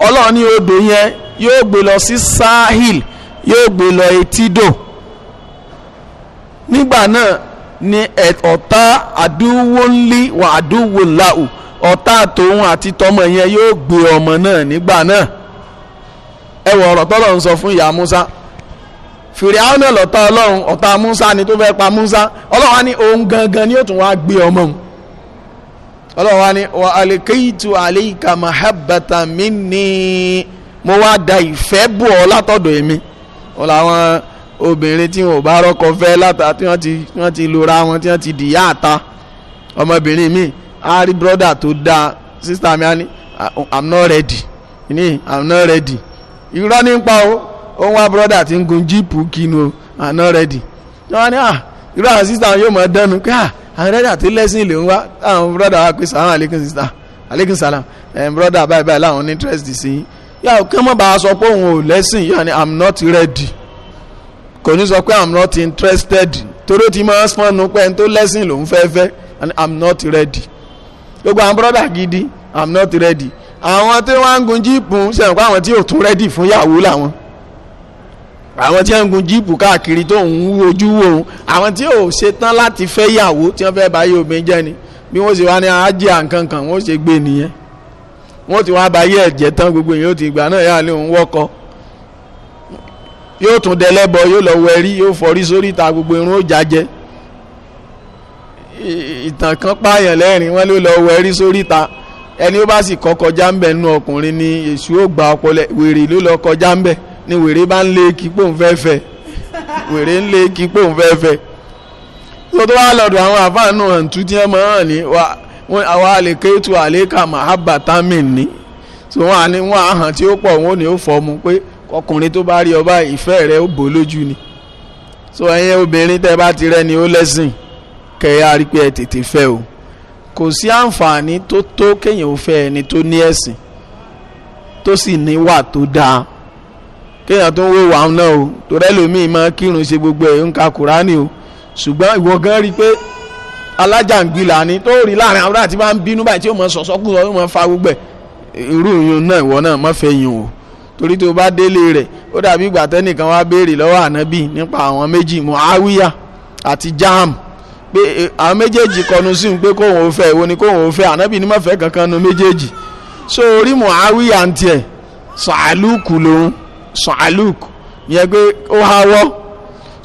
ọlọ́run ní odò yẹn yóò gbé lọ sí sahil yóò gbé lọ etídò nígbà náà ni ọ̀tá àdúwònlé wà àdúwòláhù ọ̀tá tòun àti tọmọ yẹn yóò gbé ọmọ náà nígbà náà ẹ wọ ọ̀rọ̀ tọ́lọ̀ ń sọ fún ìyá Musa fìrìhánà lọ́tà ọlọ́run ọ̀tá Musa ni tó fẹ́ pa Musa ọlọ́run á ní òun gangan ni ó tún wá gbé ọmọ òun ọlọ́run wa ni wà alikaitu aleika mahabbata minni mo wá da ìfẹ́ bù ọ látọ̀dọ̀ èmi wọn làwọn obìnrin tí wọn ò bá rọ́kọ fẹ́ láta tí wọ́n ti lora wọn tí wọ́n ti dìyà àta ọmọbìnrin mi á rí tó dáa sísítà mi á i'm not ready ní i'm not ready irọ́ nípa o ó ń wá brọ́dà tí ń gun jíìpù kinu o i'm not ready wọ́n á ní à ah, irú àwọn sísítà yóò mọ̀ ọ́ dẹ́nu pé ah, àwọn brọ́dà tó lẹ́sìn ilé ń wá àwọn brọ́dà wa pé sàlámù aleykum sista aleykum salam ẹ̀ brọ́dà bye báyìí láwọn ní interest sí i yà kí wọ́n bá a sọ pé òun ò lẹ́sìn yà ni i'm not ready kò ní sọ pé i'm not interested torí ti máa ń fọnù pé ẹni tó lẹ́sìn lòún fẹ́ fẹ́ and i'm not ready gbogbo àwọn brọ́dà gidi i'm not ready àwọn tí wọ́n ń gun jíìpù ṣe wọn pé àwọn tí ò tún ready fún yàwó làwọn àwọn tí wọ́n ń gun jíìpù káàkiri tó ń ojú wòrun àwọn tí ò ṣetán láti fẹ́ yàwó tí wọ́n fẹ́ bá yé obìnrin jẹ́ ni bí wọ́n ṣe wá ní ajé àǹkankan wọ́n ṣe gbé e nìyẹn wọ́n ti wá bá yé ẹ̀jẹ̀ tán gbogbo èèyàn ó ti gbà náà yà lé òun wọ́kọ́ yóò tún dẹlẹ́bọ yóò lọ wẹ̀rí yóò fọrí sórí ìta gbogbo irun ó jàjẹ ìtàn kan pààyàn lẹ́rìn wọ́n ló lọ wẹ̀rí sórí ìta ẹni ó bá sì kọ́ kọjá ń nínú ọkùnrin ni èṣù ó gba ọpọlẹ wèrè ló lọ kọjá ń ni wèrè bá ń lé kí pòun fẹ́ fẹ́ wèrè ń lé kí pòun fẹ́ fẹ́ tó tó wá lọ́dọ̀ àwọn àfáànù ọ̀ǹtú tí wọ́n máa ń ní àwa àlèkétu àlékà màhábà támìn ní tí wọ́n á ní wọ́n á hàn tí ó pọ̀ wọ́n ò ní ó fọmú pé ọkùnrin tó bá rí ọba ìfẹ́ rẹ̀ ó bò lójú ni so ẹ̀yin obìnrin tẹ́ bá ti rẹ́ ni ó lẹ́sìn kẹ́ ẹ á rí pé ẹ tètè fẹ́ o kò sí àǹfààní tó tó kéèyàn ó fẹ́ ẹni tó ní ẹ̀sìn tó sì ní wà tó dáa kéèyàn tó ń wé wàá náà o torí ẹlòmíì máa kírun ṣe gbogbo ẹ̀ ń ka kùránì o ṣùgbọ́n ìwọ gan rí i pé alájàngbìlà ni tó rí láàrin àwọn àti máa ń bínú báyìí tí ó mọ sọ̀sọ́kù sọ yóò mọ fa gbogbo ẹ̀ irú ìyún náà ìwọ náà mọ̀ fẹ́ yìn o torí tó bá délé rẹ̀ ó dàbí ìgbà tẹ́nìkan wá béèrè lọ́wọ́ ànábì nípa àwọn méjì Muawiya àti Jaham pé e, àwọn méjèèjì kọnu sí un pé kóun ò fẹ́ ìwọ ni kóun ò fẹ́ sọ̀álùk yẹn pé ó hawọ́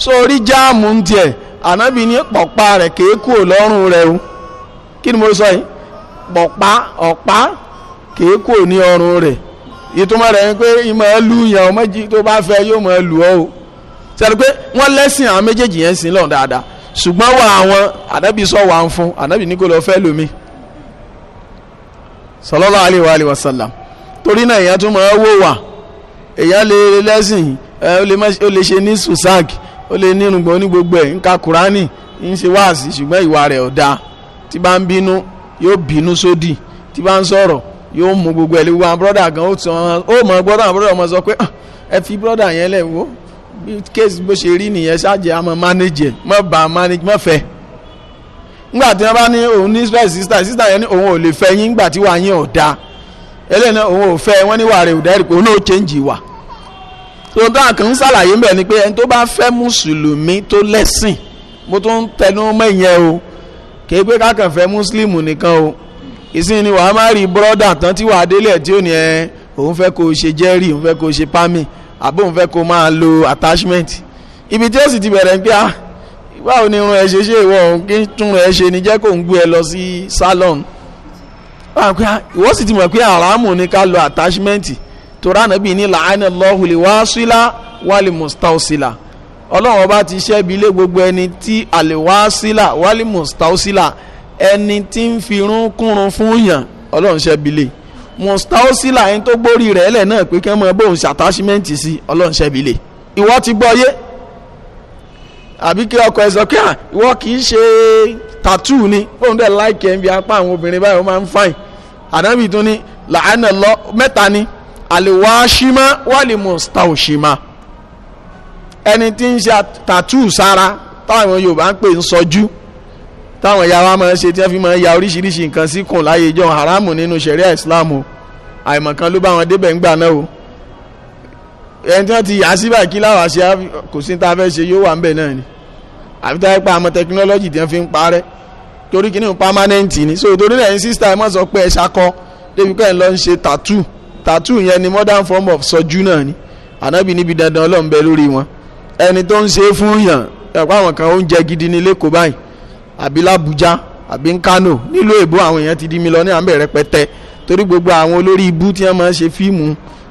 so orí jáàmù ń tiẹ̀ ànábì ní pọ̀pá rẹ̀ kéé kú lọ́rùn rẹ̀ o kí ni mo sọ yìí pọ̀pá ọ̀pá kéé kú ní ọrùn rẹ̀ ìtumọ̀ rẹ̀ ni pé ìmọ̀ ẹ lu yẹn ọmọ jí tó bá fẹ́ yóò mọ̀ ẹ lù o sẹ́ni pé wọ́n lẹ́sìn àwọn méjèèjì yẹn sìn dáadáa ṣùgbọ́n wà àwọn ànábì sọ wà ń fún ànábì ní kò lọ fẹ́ lómi sallallahu alaihi wa sallam torí náà ìyẹn tún mọ̀ ẹ́ wò wà. èyàn lè lẹ́sìn ó lè ṣe ní sùsáàkì ó lè ní onígbogbo gbogbo ẹ̀ ń ṣe wáàsí ṣùgbọ́n ìwà rẹ̀ ò tí bá ń bínú yóò bínú sódì tí bá ń sọ̀rọ̀ yóò mú gbogbo ẹ̀ àwọn bọ́dà gan ó ó gbọ́dọ̀ àwọn bọ́dà ọmọ sọ pé ah, ẹ fi bọ́dà yẹn lẹ̀ kéésì bó ṣe rí nìyẹn ṣáàjẹ́ àmọ́ mọ́ bá mọ́ fẹ́ tí wọ́n bá ní òun ní sísítà sísítà yẹn ní òun ò lè fẹ́ yín tí wàá yín òun ò fẹ́ wọ́n ní wàá rẹ̀ òun náà ó so dáhà kan ń ṣàlàyé ń bẹ̀ ni pé ẹni tó bá fẹ́ mùsùlùmí tó lẹ́sìn mo tún ń tẹnu mọ́ ìyẹn o kìí pé kákan fẹ́ mùsùlùmí nìkan o ìsìn ni wàá má rí bọ́dà tán tí wàá délẹ̀ tí ò ní ẹ òun fẹ́ kó o ṣe jẹ́rì òun fẹ́ kó o ṣe pámì àbó òun fẹ́ kó o máa lo attachment ibi tí ó sì ti bẹ̀rẹ̀ ń pé ah báwo ni irun ẹ ṣe ṣe ìwọ òun kí tún rẹ ṣe ni jẹ́ kó ń gbé ẹ lọ sí salon ah, ìwọ sì ti mọ̀ pé àràmù ni ká lo attachment torá nàbí ní làánà lọ́hùlì wáṣílá wálé mustausila ọlọ́run ọba ti ṣẹ́bi lé gbogbo ẹni tí àlè wáṣílá wálé mustausila ẹni tí ń fi irun kúrun fún yàn ọlọ́run ṣẹ́bi lé mustausila ẹni tó gbórí rẹ̀ ẹlẹ̀ náà pé kẹ́ mọ́ bóun ṣàtàṣímẹ́ǹtì sí ọlọ́run ṣẹ́bi lé ìwọ ti gbọ́ yé àbí kí ọkọ ẹ sọ ah, ìwọ kì í ṣe tàtú ni fóun dẹ̀ láìkẹ́ ń bi apá àwọn obìnrin báyìí ó máa ń fàìn ànábì tún ní làánà lọ mẹ́ta ni àlèwáṣímá wàlìmọ̀tàwòṣímá ẹni tí ń ṣe tàtú sára táwọn Yorùbá ń pè ń sọjú táwọn ìyá wa máa ń ṣe tí wọ́n fi máa ń ya oríṣiríṣi nǹkan sí kùn láyé ìjọ haramu nínú ṣẹ̀ríà Islam o àìmọ̀kan ló bá wọn débẹ̀ ń gbà náà o ẹni tí wọ́n ti yà á síbà kí láwọn àṣẹ kò sí tá fẹ́ ṣe yóò wà ń bẹ̀ náà ni àfi tá a pa àmọ́ tẹkinọ́lọ́jì tí wọ́n fi ń parẹ́ torí kí ni permanent ni so torí lẹ́yìn sísítà ẹ mọ̀ sọ pé ẹ ṣakọ débi pé ẹ lọ ń ṣe tattoo tattoo yẹn ni modern form of sọjú náà ni ànábì níbi dandan ọlọ́run bẹ lórí wọn ẹni tó ń ṣe é fún yàn ẹ̀pọ̀ àwọn kan oúnjẹ gidi ní lẹ́kọ̀ọ́ báyìí àbí làbújá àbí ń kánò nílùú èbó àwọn èèyàn ti di mi lọ ní àmbẹ̀ rẹpẹtẹ torí gbogbo àwọn olórí ibú tí wọ́n máa ń ṣe fíìmù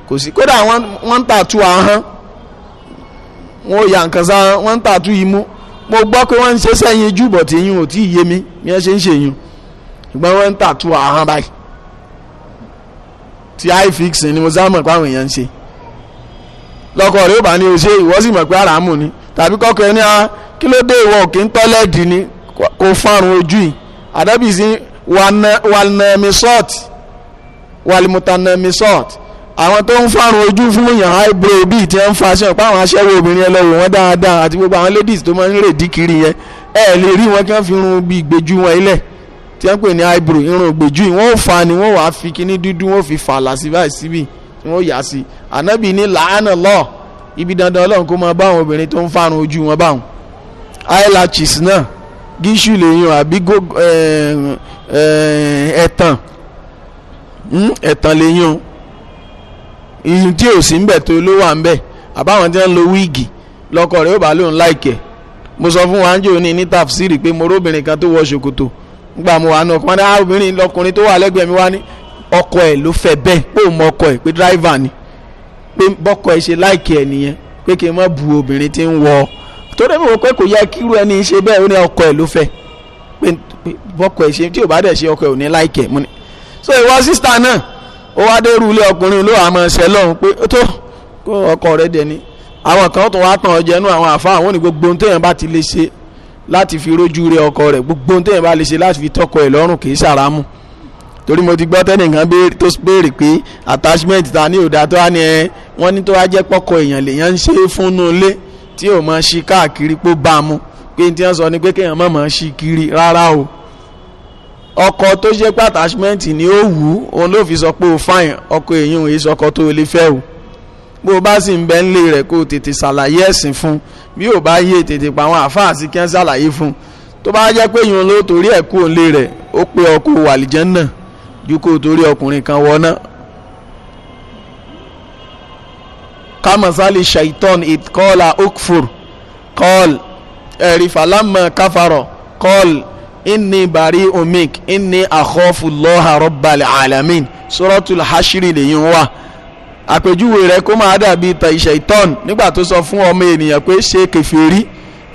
kò sí kódà wọ́n ń tàtú ahọ́n wọn ò yà nǹkan sá wọ́n ń tàtú imú mo gbọ́ pé wọ́n ń ṣe sẹ́yìn júbọ̀ tí yín ò tí ì yé mi bí wọ́n ṣe ń ṣèyún ṣùgbọ́n wọ́n ń tàtú ahọ́n báyìí ti ifixing ni mo sá mọ̀ pé àwọn èèyàn ń ṣe lọ́kọ rẹ̀ ó bá ní o ṣe ìwọ sì mọ̀ pé àràmù ni tàbí kọ́kọ́ ẹni á kí ló dé ìwọ òkè ń tọ́lẹ́ẹ̀dì ni kò fárun ojú yìí àdábì sí walnamisort walmutamisort àwọn tó ń fárun ojú fún yàn eyebrow bíi tí wọ́n ń fa aṣọ ìpá àwọn aṣẹ́wó obìnrin ẹlẹ́wọ̀ wọn dáadáa àti gbogbo àwọn ladies tó máa ń rèdí kiri yẹn ẹ lè rí wọn kí wọ́n fi run bí ìgbèjú wọn ilẹ̀ tí wọ́n pè ní eyebrow irun ògbèjú yìí wọ́n ò fa ni wọ́n wàá fi kíní dúdú wọ́n fi fàlà sí báyìí síbì tí wọ́n yà sí ànábì ní làánà lọ ibi dandan ọlọ́run kó máa bá àwọn obìnrin tó ń fárun ojú wọn báwọn eyelashes náà gíṣù lèyàn àbí ẹ̀tàn hmm, ẹ̀tàn lèyàn ìyún tí ò sí ń bẹ̀ tó ló wà ń bẹ̀ àbáwọn tí wọ́n ń lo wíìgì lọ́kọ rẹ̀ ó bá lóun láìkẹ̀ mo sọ fún wa ń jò ní ní tàfsírì pé mo róbìnrin kan tó wọ ṣòkòtò nígbà mo wà nù ọkùnrin náà ah, obìnrin lọkùnrin tó wà lẹ́gbẹ̀ẹ́ mi wá ní ọkọ ẹ̀ ló fẹ́ bẹ́ẹ̀ pé òun mọ ọkọ ẹ̀ pé dráìvà ni pé bọ́kọ ẹ̀ ṣe láìkí ẹ̀ nìyẹn pé kí n má bu obìnrin tí ń wọ torí mi wò pé kò yẹ kíru ẹni ṣe bẹ́ẹ̀ ó ní ọkọ ẹ̀ ló fẹ́ pé bọ́kọ ẹ̀ ṣe tí ò bá dẹ̀ ṣe ọkọ ẹ̀ ò ní láìkí ẹ̀ mú ni so ìwọ sísítà náà ó wá dé rúlé ọkùnrin ló àmọ́ ṣẹ ni àwọn kan tó wá tàn ọjẹ́ nú àwọn àfa àwọn onígbogbo láti fi rójú rẹ ọkọ rẹ gbogbo ohun téèyàn bá lè ṣe láti fi tọkọ ẹ lọ́rùn kì í ṣàrámù torí mo ti gbọ́ tẹ́nìkan tó béèrè pé attachment ta ní òdà tó wá ní ẹ wọ́n ní tó wá jẹ́ pọ́kọ èèyàn lèèyàn ń ṣe é fúnnu ilé tí ò mọ̀ ṣí káàkiri pé bá a mú pé tí wọ́n sọ ni pé kéèyàn mọ̀ mọ̀ ṣí kiri rárá o ọkọ tó jẹ́ pé attachment ni ó wù ú òun ló fi sọ pé o fáyàn ọkọ èèyàn òun èso ọkọ tó o lè fẹ́ o bó o bá sì ń bẹ ńlé rẹ̀ kó o tètè ṣàlàyé ẹ̀sìn fún bí o bá yé tètè pa àwọn àáfàá sí kí wọ́n ṣàlàyé fún tó bá jẹ́ pé yìnyín ló torí ẹ̀ kú òǹlé rẹ̀ ó pé ọkọ̀ wàlìjẹ́ náà ju kó o torí ọkùnrin kan wọná. kámasálì shaitan ìtkọ́lá okfur kọ́l ẹ̀rí falámà káfàrọ̀ kọ́l inni bari omik inni akhofu lọ́ha rọ́bàlì alamin suratul hashiri lèyìn wà àpèjúwe rẹ̀ kó máa dàbí ṣaitan nígbà tó sọ fún ọmọ ènìyàn pé ṣe kèfèrí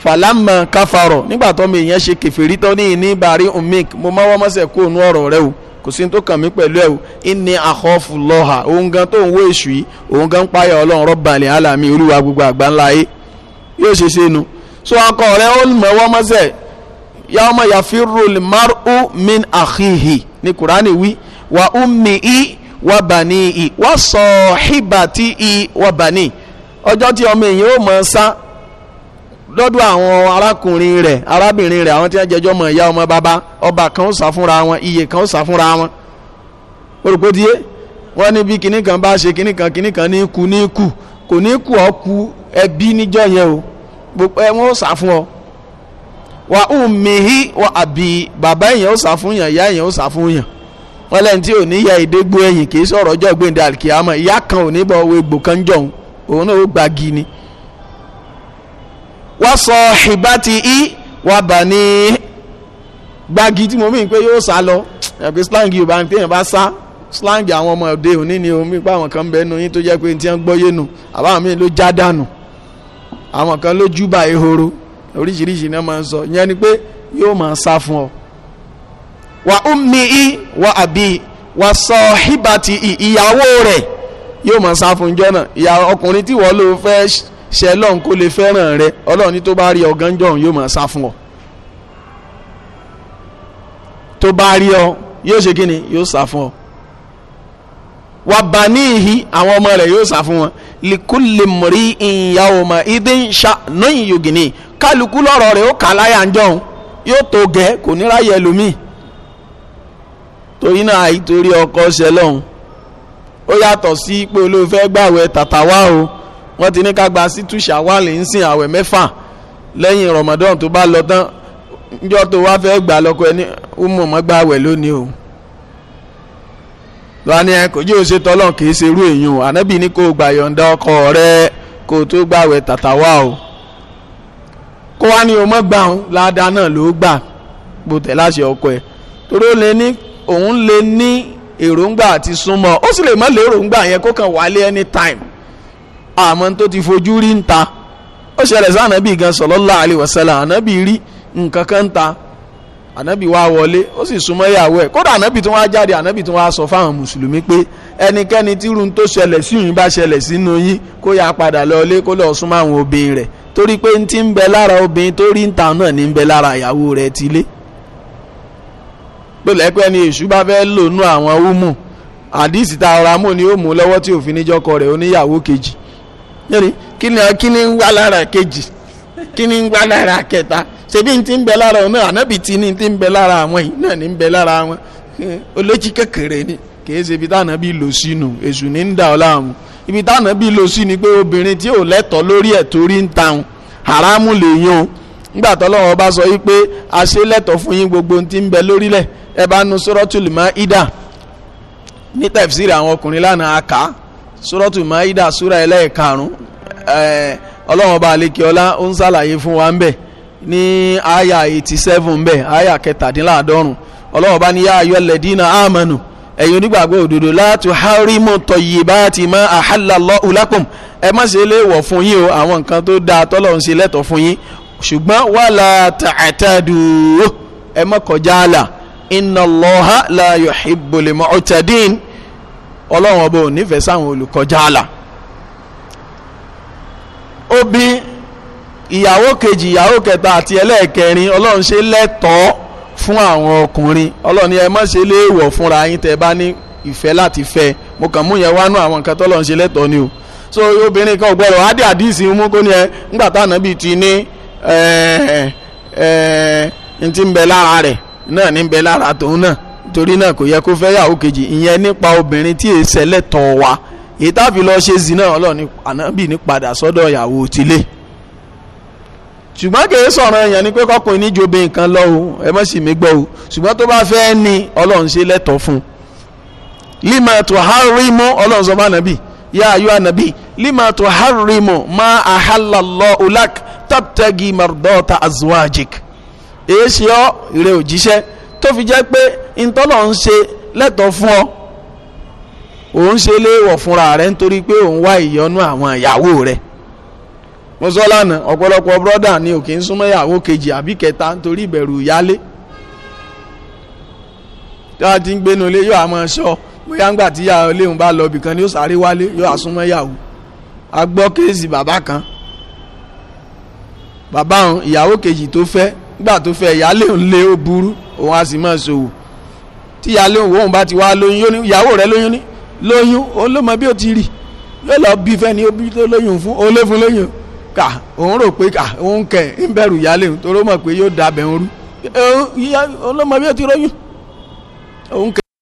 falama káfàrọ̀ nígbà tó ọmọ èèyàn ṣe kèfèrí tó ní ìní bàrí umik mo máa wá mọ́sẹ̀ kó nu ọ̀rọ̀ rẹ o kò sí tó kàn mí pẹ̀lú ẹ o ìní àkọ́fù lọ́hà òun gan tó ń wé èṣù yìí òun gan ń páyà ọlọ́run rọ́bàlẹ̀ alàmì olúwa gbogbo àgbáńlá yé yóò ṣe ṣe nu so akọ rẹ ó mọ̀ wá mọ́sẹ̀ yà ọmọ yàfi rúlì márùn min àkìhì ni kùránì wí wà ó mi í wa bani i wa sahibati i wa bani ọjọ́ tí ọmọ èèyàn ó mọ sá lọ́dọ̀ àwọn arákùnrin rẹ̀ arábìnrin rẹ̀ àwọn tí wọ́n jẹjọ́ mọ̀ ìyá ọmọ bàbá ọba kan ó sá fúnra wọn iye kan ó sá fúnra wọn olùkódìé wọ́n ní bí kinní kan bá ṣe kinní kan kinní kan ní ku ní ku kò ní ku ọ́ ku ẹbí níjọ́ yẹn o gbogbo ẹ wọ́n ó sá fún ọ wa umihi wa abi bàbá èèyàn ó sá fún yàn ìyá èèyàn ó sá fún yàn wọn lẹ́yìn tí ò ní ya ìdégbò ẹ̀yìn kì í sọ̀rọ̀ ọjọ́ gbèǹde àlìkìyàmọ̀ ìyá kan ò ní bọ̀ owó egbò kan jọ̀hún òun náà ó gba ni. wọ́n sọ ìbátí í wà bà ní gbági tí mo mí pé yóò sá lọ ẹ̀bí slang téèyàn bá sá slang àwọn ọmọ ni omi kan bẹ́ẹ̀ nu yín tó jẹ́ pé tí wọ́n gbọ́ àbáwọn míì ló já dànù àwọn kan ló sọ wà i wà àbí wà sahibati ìyàwó rẹ̀ yóò máa sá fún jọ́nà ìyàwó ọkùnrin tí wọ́n ló fẹ́ ṣe lọ́n kó lè fẹ́ràn rẹ ọlọ́ọ̀ni tó bá rí ọ gánjọ́ yóò máa sá fún ọ tó bá rí ọ yóò ṣe kí ni yóò sá fún ọ wà bá ní ìhí àwọn ọmọ rẹ̀ yóò sá fún wọn likulli mọ̀rí ìyàwó mà ìdí ń náà yògì ni kálukú lọ́rọ̀ rẹ̀ ó kà láyà ń jọun yóò tó gẹ́ kò ní ráyè ẹlòmíì torí náà àìtorí ọkọ ṣẹlọ́hún ó yàtọ̀ sí pé olóòfẹ́ gbàwẹ̀ tàtàwá o wọ́n ti ní ká gba sítú lè ń sìn àwẹ̀ mẹ́fà lẹ́yìn Ramadan tó bá lọ tán níjọ́ tó wá fẹ́ gbà lọ́kọ ẹni ó mọ̀ mọ́ gbàwẹ̀ lónìí o lọ́wọ́ ni ẹ ṣe tọ́lọ̀ kì í ṣe irú èèyàn ní kò gbà yọ̀ǹda ọkọ rẹ kò tó gbàwẹ̀ òun lè ní erongba àti súnmọ́ ó sì lè má yẹn kó kàn wálé anytime àmọ́ tó ti fojú rí ń ó ṣẹlẹ̀ sí ànábì gan ànábì rí nǹkan kan ta ànábì wá wọlé ó sì súnmọ́ ìyàwó ẹ̀ kódà ànábì tó wá jáde ànábì tó wá sọ fáwọn mùsùlùmí pé ẹnikẹ́ni tí irun tó ṣẹlẹ̀ sí yìí bá ṣẹlẹ̀ sínú yín kó yà padà lọlé kó lọ súnmọ́ àwọn obìnrin rẹ̀ torí pé ti ń bẹ lára obìnrin tó rí ń tó lẹ́pẹ́ ni èṣù bá fẹ́ lò nú àwọn húmù àdìsí ta ọ̀rọ̀ ni o mu lọ́wọ́ tí òfin níjọkọ rẹ̀ oníyàwó kejì yẹ́nì kí ni kí ni ń wá lára kejì kí ni ń wá lára kẹta ṣebí n ti ń bẹ lára òun náà ànábì ni ti ń bẹ lára àwọn yìí náà ni ń ni kì í ṣe ibi táwọn bí lò èṣù ní ń dà ọ́ láàmú ibi táwọn ni pé obìnrin tí ò lẹ́tọ̀ọ́ lórí ẹ̀ nígbà tọ́lọ́wọ́ bá sọ yí pé a ṣe lẹ́tọ̀ fún gbogbo ti ń bẹ lórílẹ̀ ẹ bá nu suratul Maida ní tafsiri àwọn ọkùnrin lánàá àká suratul Maida súra ẹlẹ́ẹ̀karùn-ún ọlọ́wọ́n bá ọlá ó ń ṣàlàyé fún wa ń bẹ̀ ní àyà eighty seven bẹ̀ àyà kẹtàdínláàdọ́rùn ọlọ́wọ́n bá ní yá ayọ́ lẹ́dínà amanu onígbàgbọ́ ma ẹ má ṣe fún yín o àwọn nǹkan ṣùgbọ́n wàlá tààtàdù ẹ má kọjá àlà inna Allaha la yuhibbul mu'tadin ọlọ́run ọba ò sáwọn olùkọjá àlà. Obi, ìyàwó kejì ìyàwó kẹta àti ẹlẹ́ẹ̀kẹrin ọlọ́run ṣe lẹ́tọ̀ọ́ fún àwọn ọkùnrin ọlọ́run ni ẹ má ṣe léèwọ̀ fúnra yín tẹ́ bá ní ìfẹ́ láti fẹ́ mo kàn mú yẹn wánú àwọn nǹkan tọ́lọ́run ṣe ni o so obìnrin kan gbọ́dọ̀ á dé mú ẹ táwọn n ti lára náà ní ń lára tòun náà torí náà kò yẹ kó fẹ́ yàwó kejì ìyẹn nípa obìnrin tí lẹ́tọ̀ wa èyí lọ ṣe zina ọlọ́ọ̀ni ànábì ní padà sọ́dọ̀ yàwó tilé ṣùgbọ́n sọ̀rọ̀ ni pé kọ́kùnrin ní jobe nǹkan lọ o ẹ mọ̀ sí mi gbọ́ o ṣùgbọ́n tó bá fẹ́ ni ọlọ́run ṣe fún un lima tó ọlọ́run sọ yá tabtagi mardota azwajik èyí ṣe ọ́ ìrẹ òjíṣẹ́ tó fi jẹ́ pé ntọ́lọ̀ ń ṣe lẹ́tọ̀ọ́ fún ọ òun ṣe léèwọ̀ fúnra rẹ̀ nítorí pé òun wá ìyọnú àwọn ìyàwó rẹ̀ mo ọ̀pọ̀lọpọ̀ brọ́dà ni ò kì í súnmọ́ ìyàwó kejì àbí kẹta nítorí ìbẹ̀rù ìyálé tí wọ́n ti ń gbénu ilé yóò àmọ́ ṣọ́ bóyá ńgbà tí ìyá ilé bá lọ ibìkan ni yóò sáré wálé yóò àsúnmọ́ ìyàwó a gbọ́ kéèsì bàbá kan bàbá òun ìyàwó kejì tó fẹ́ nígbà tó fẹ́ ìyáálé òun lé ó burú òun á sì máa ṣòwò tí ìyáálé òun wọ́n bá ti wá lóyún yóní ìyàwó rẹ̀ lóyún ní lóyún òun ló mọ bí ó ti rì yóò lọ bí fẹ́ ni ó bí tó lóyún fún ó lé fún lóyún kà òun rò pé kà òun kẹ̀ ń bẹ̀rù ìyáálé òun torí ó mọ̀ pé yóò dàbẹ̀ òun rú òun ló mọ bí ó ti lóyún òun kẹ̀.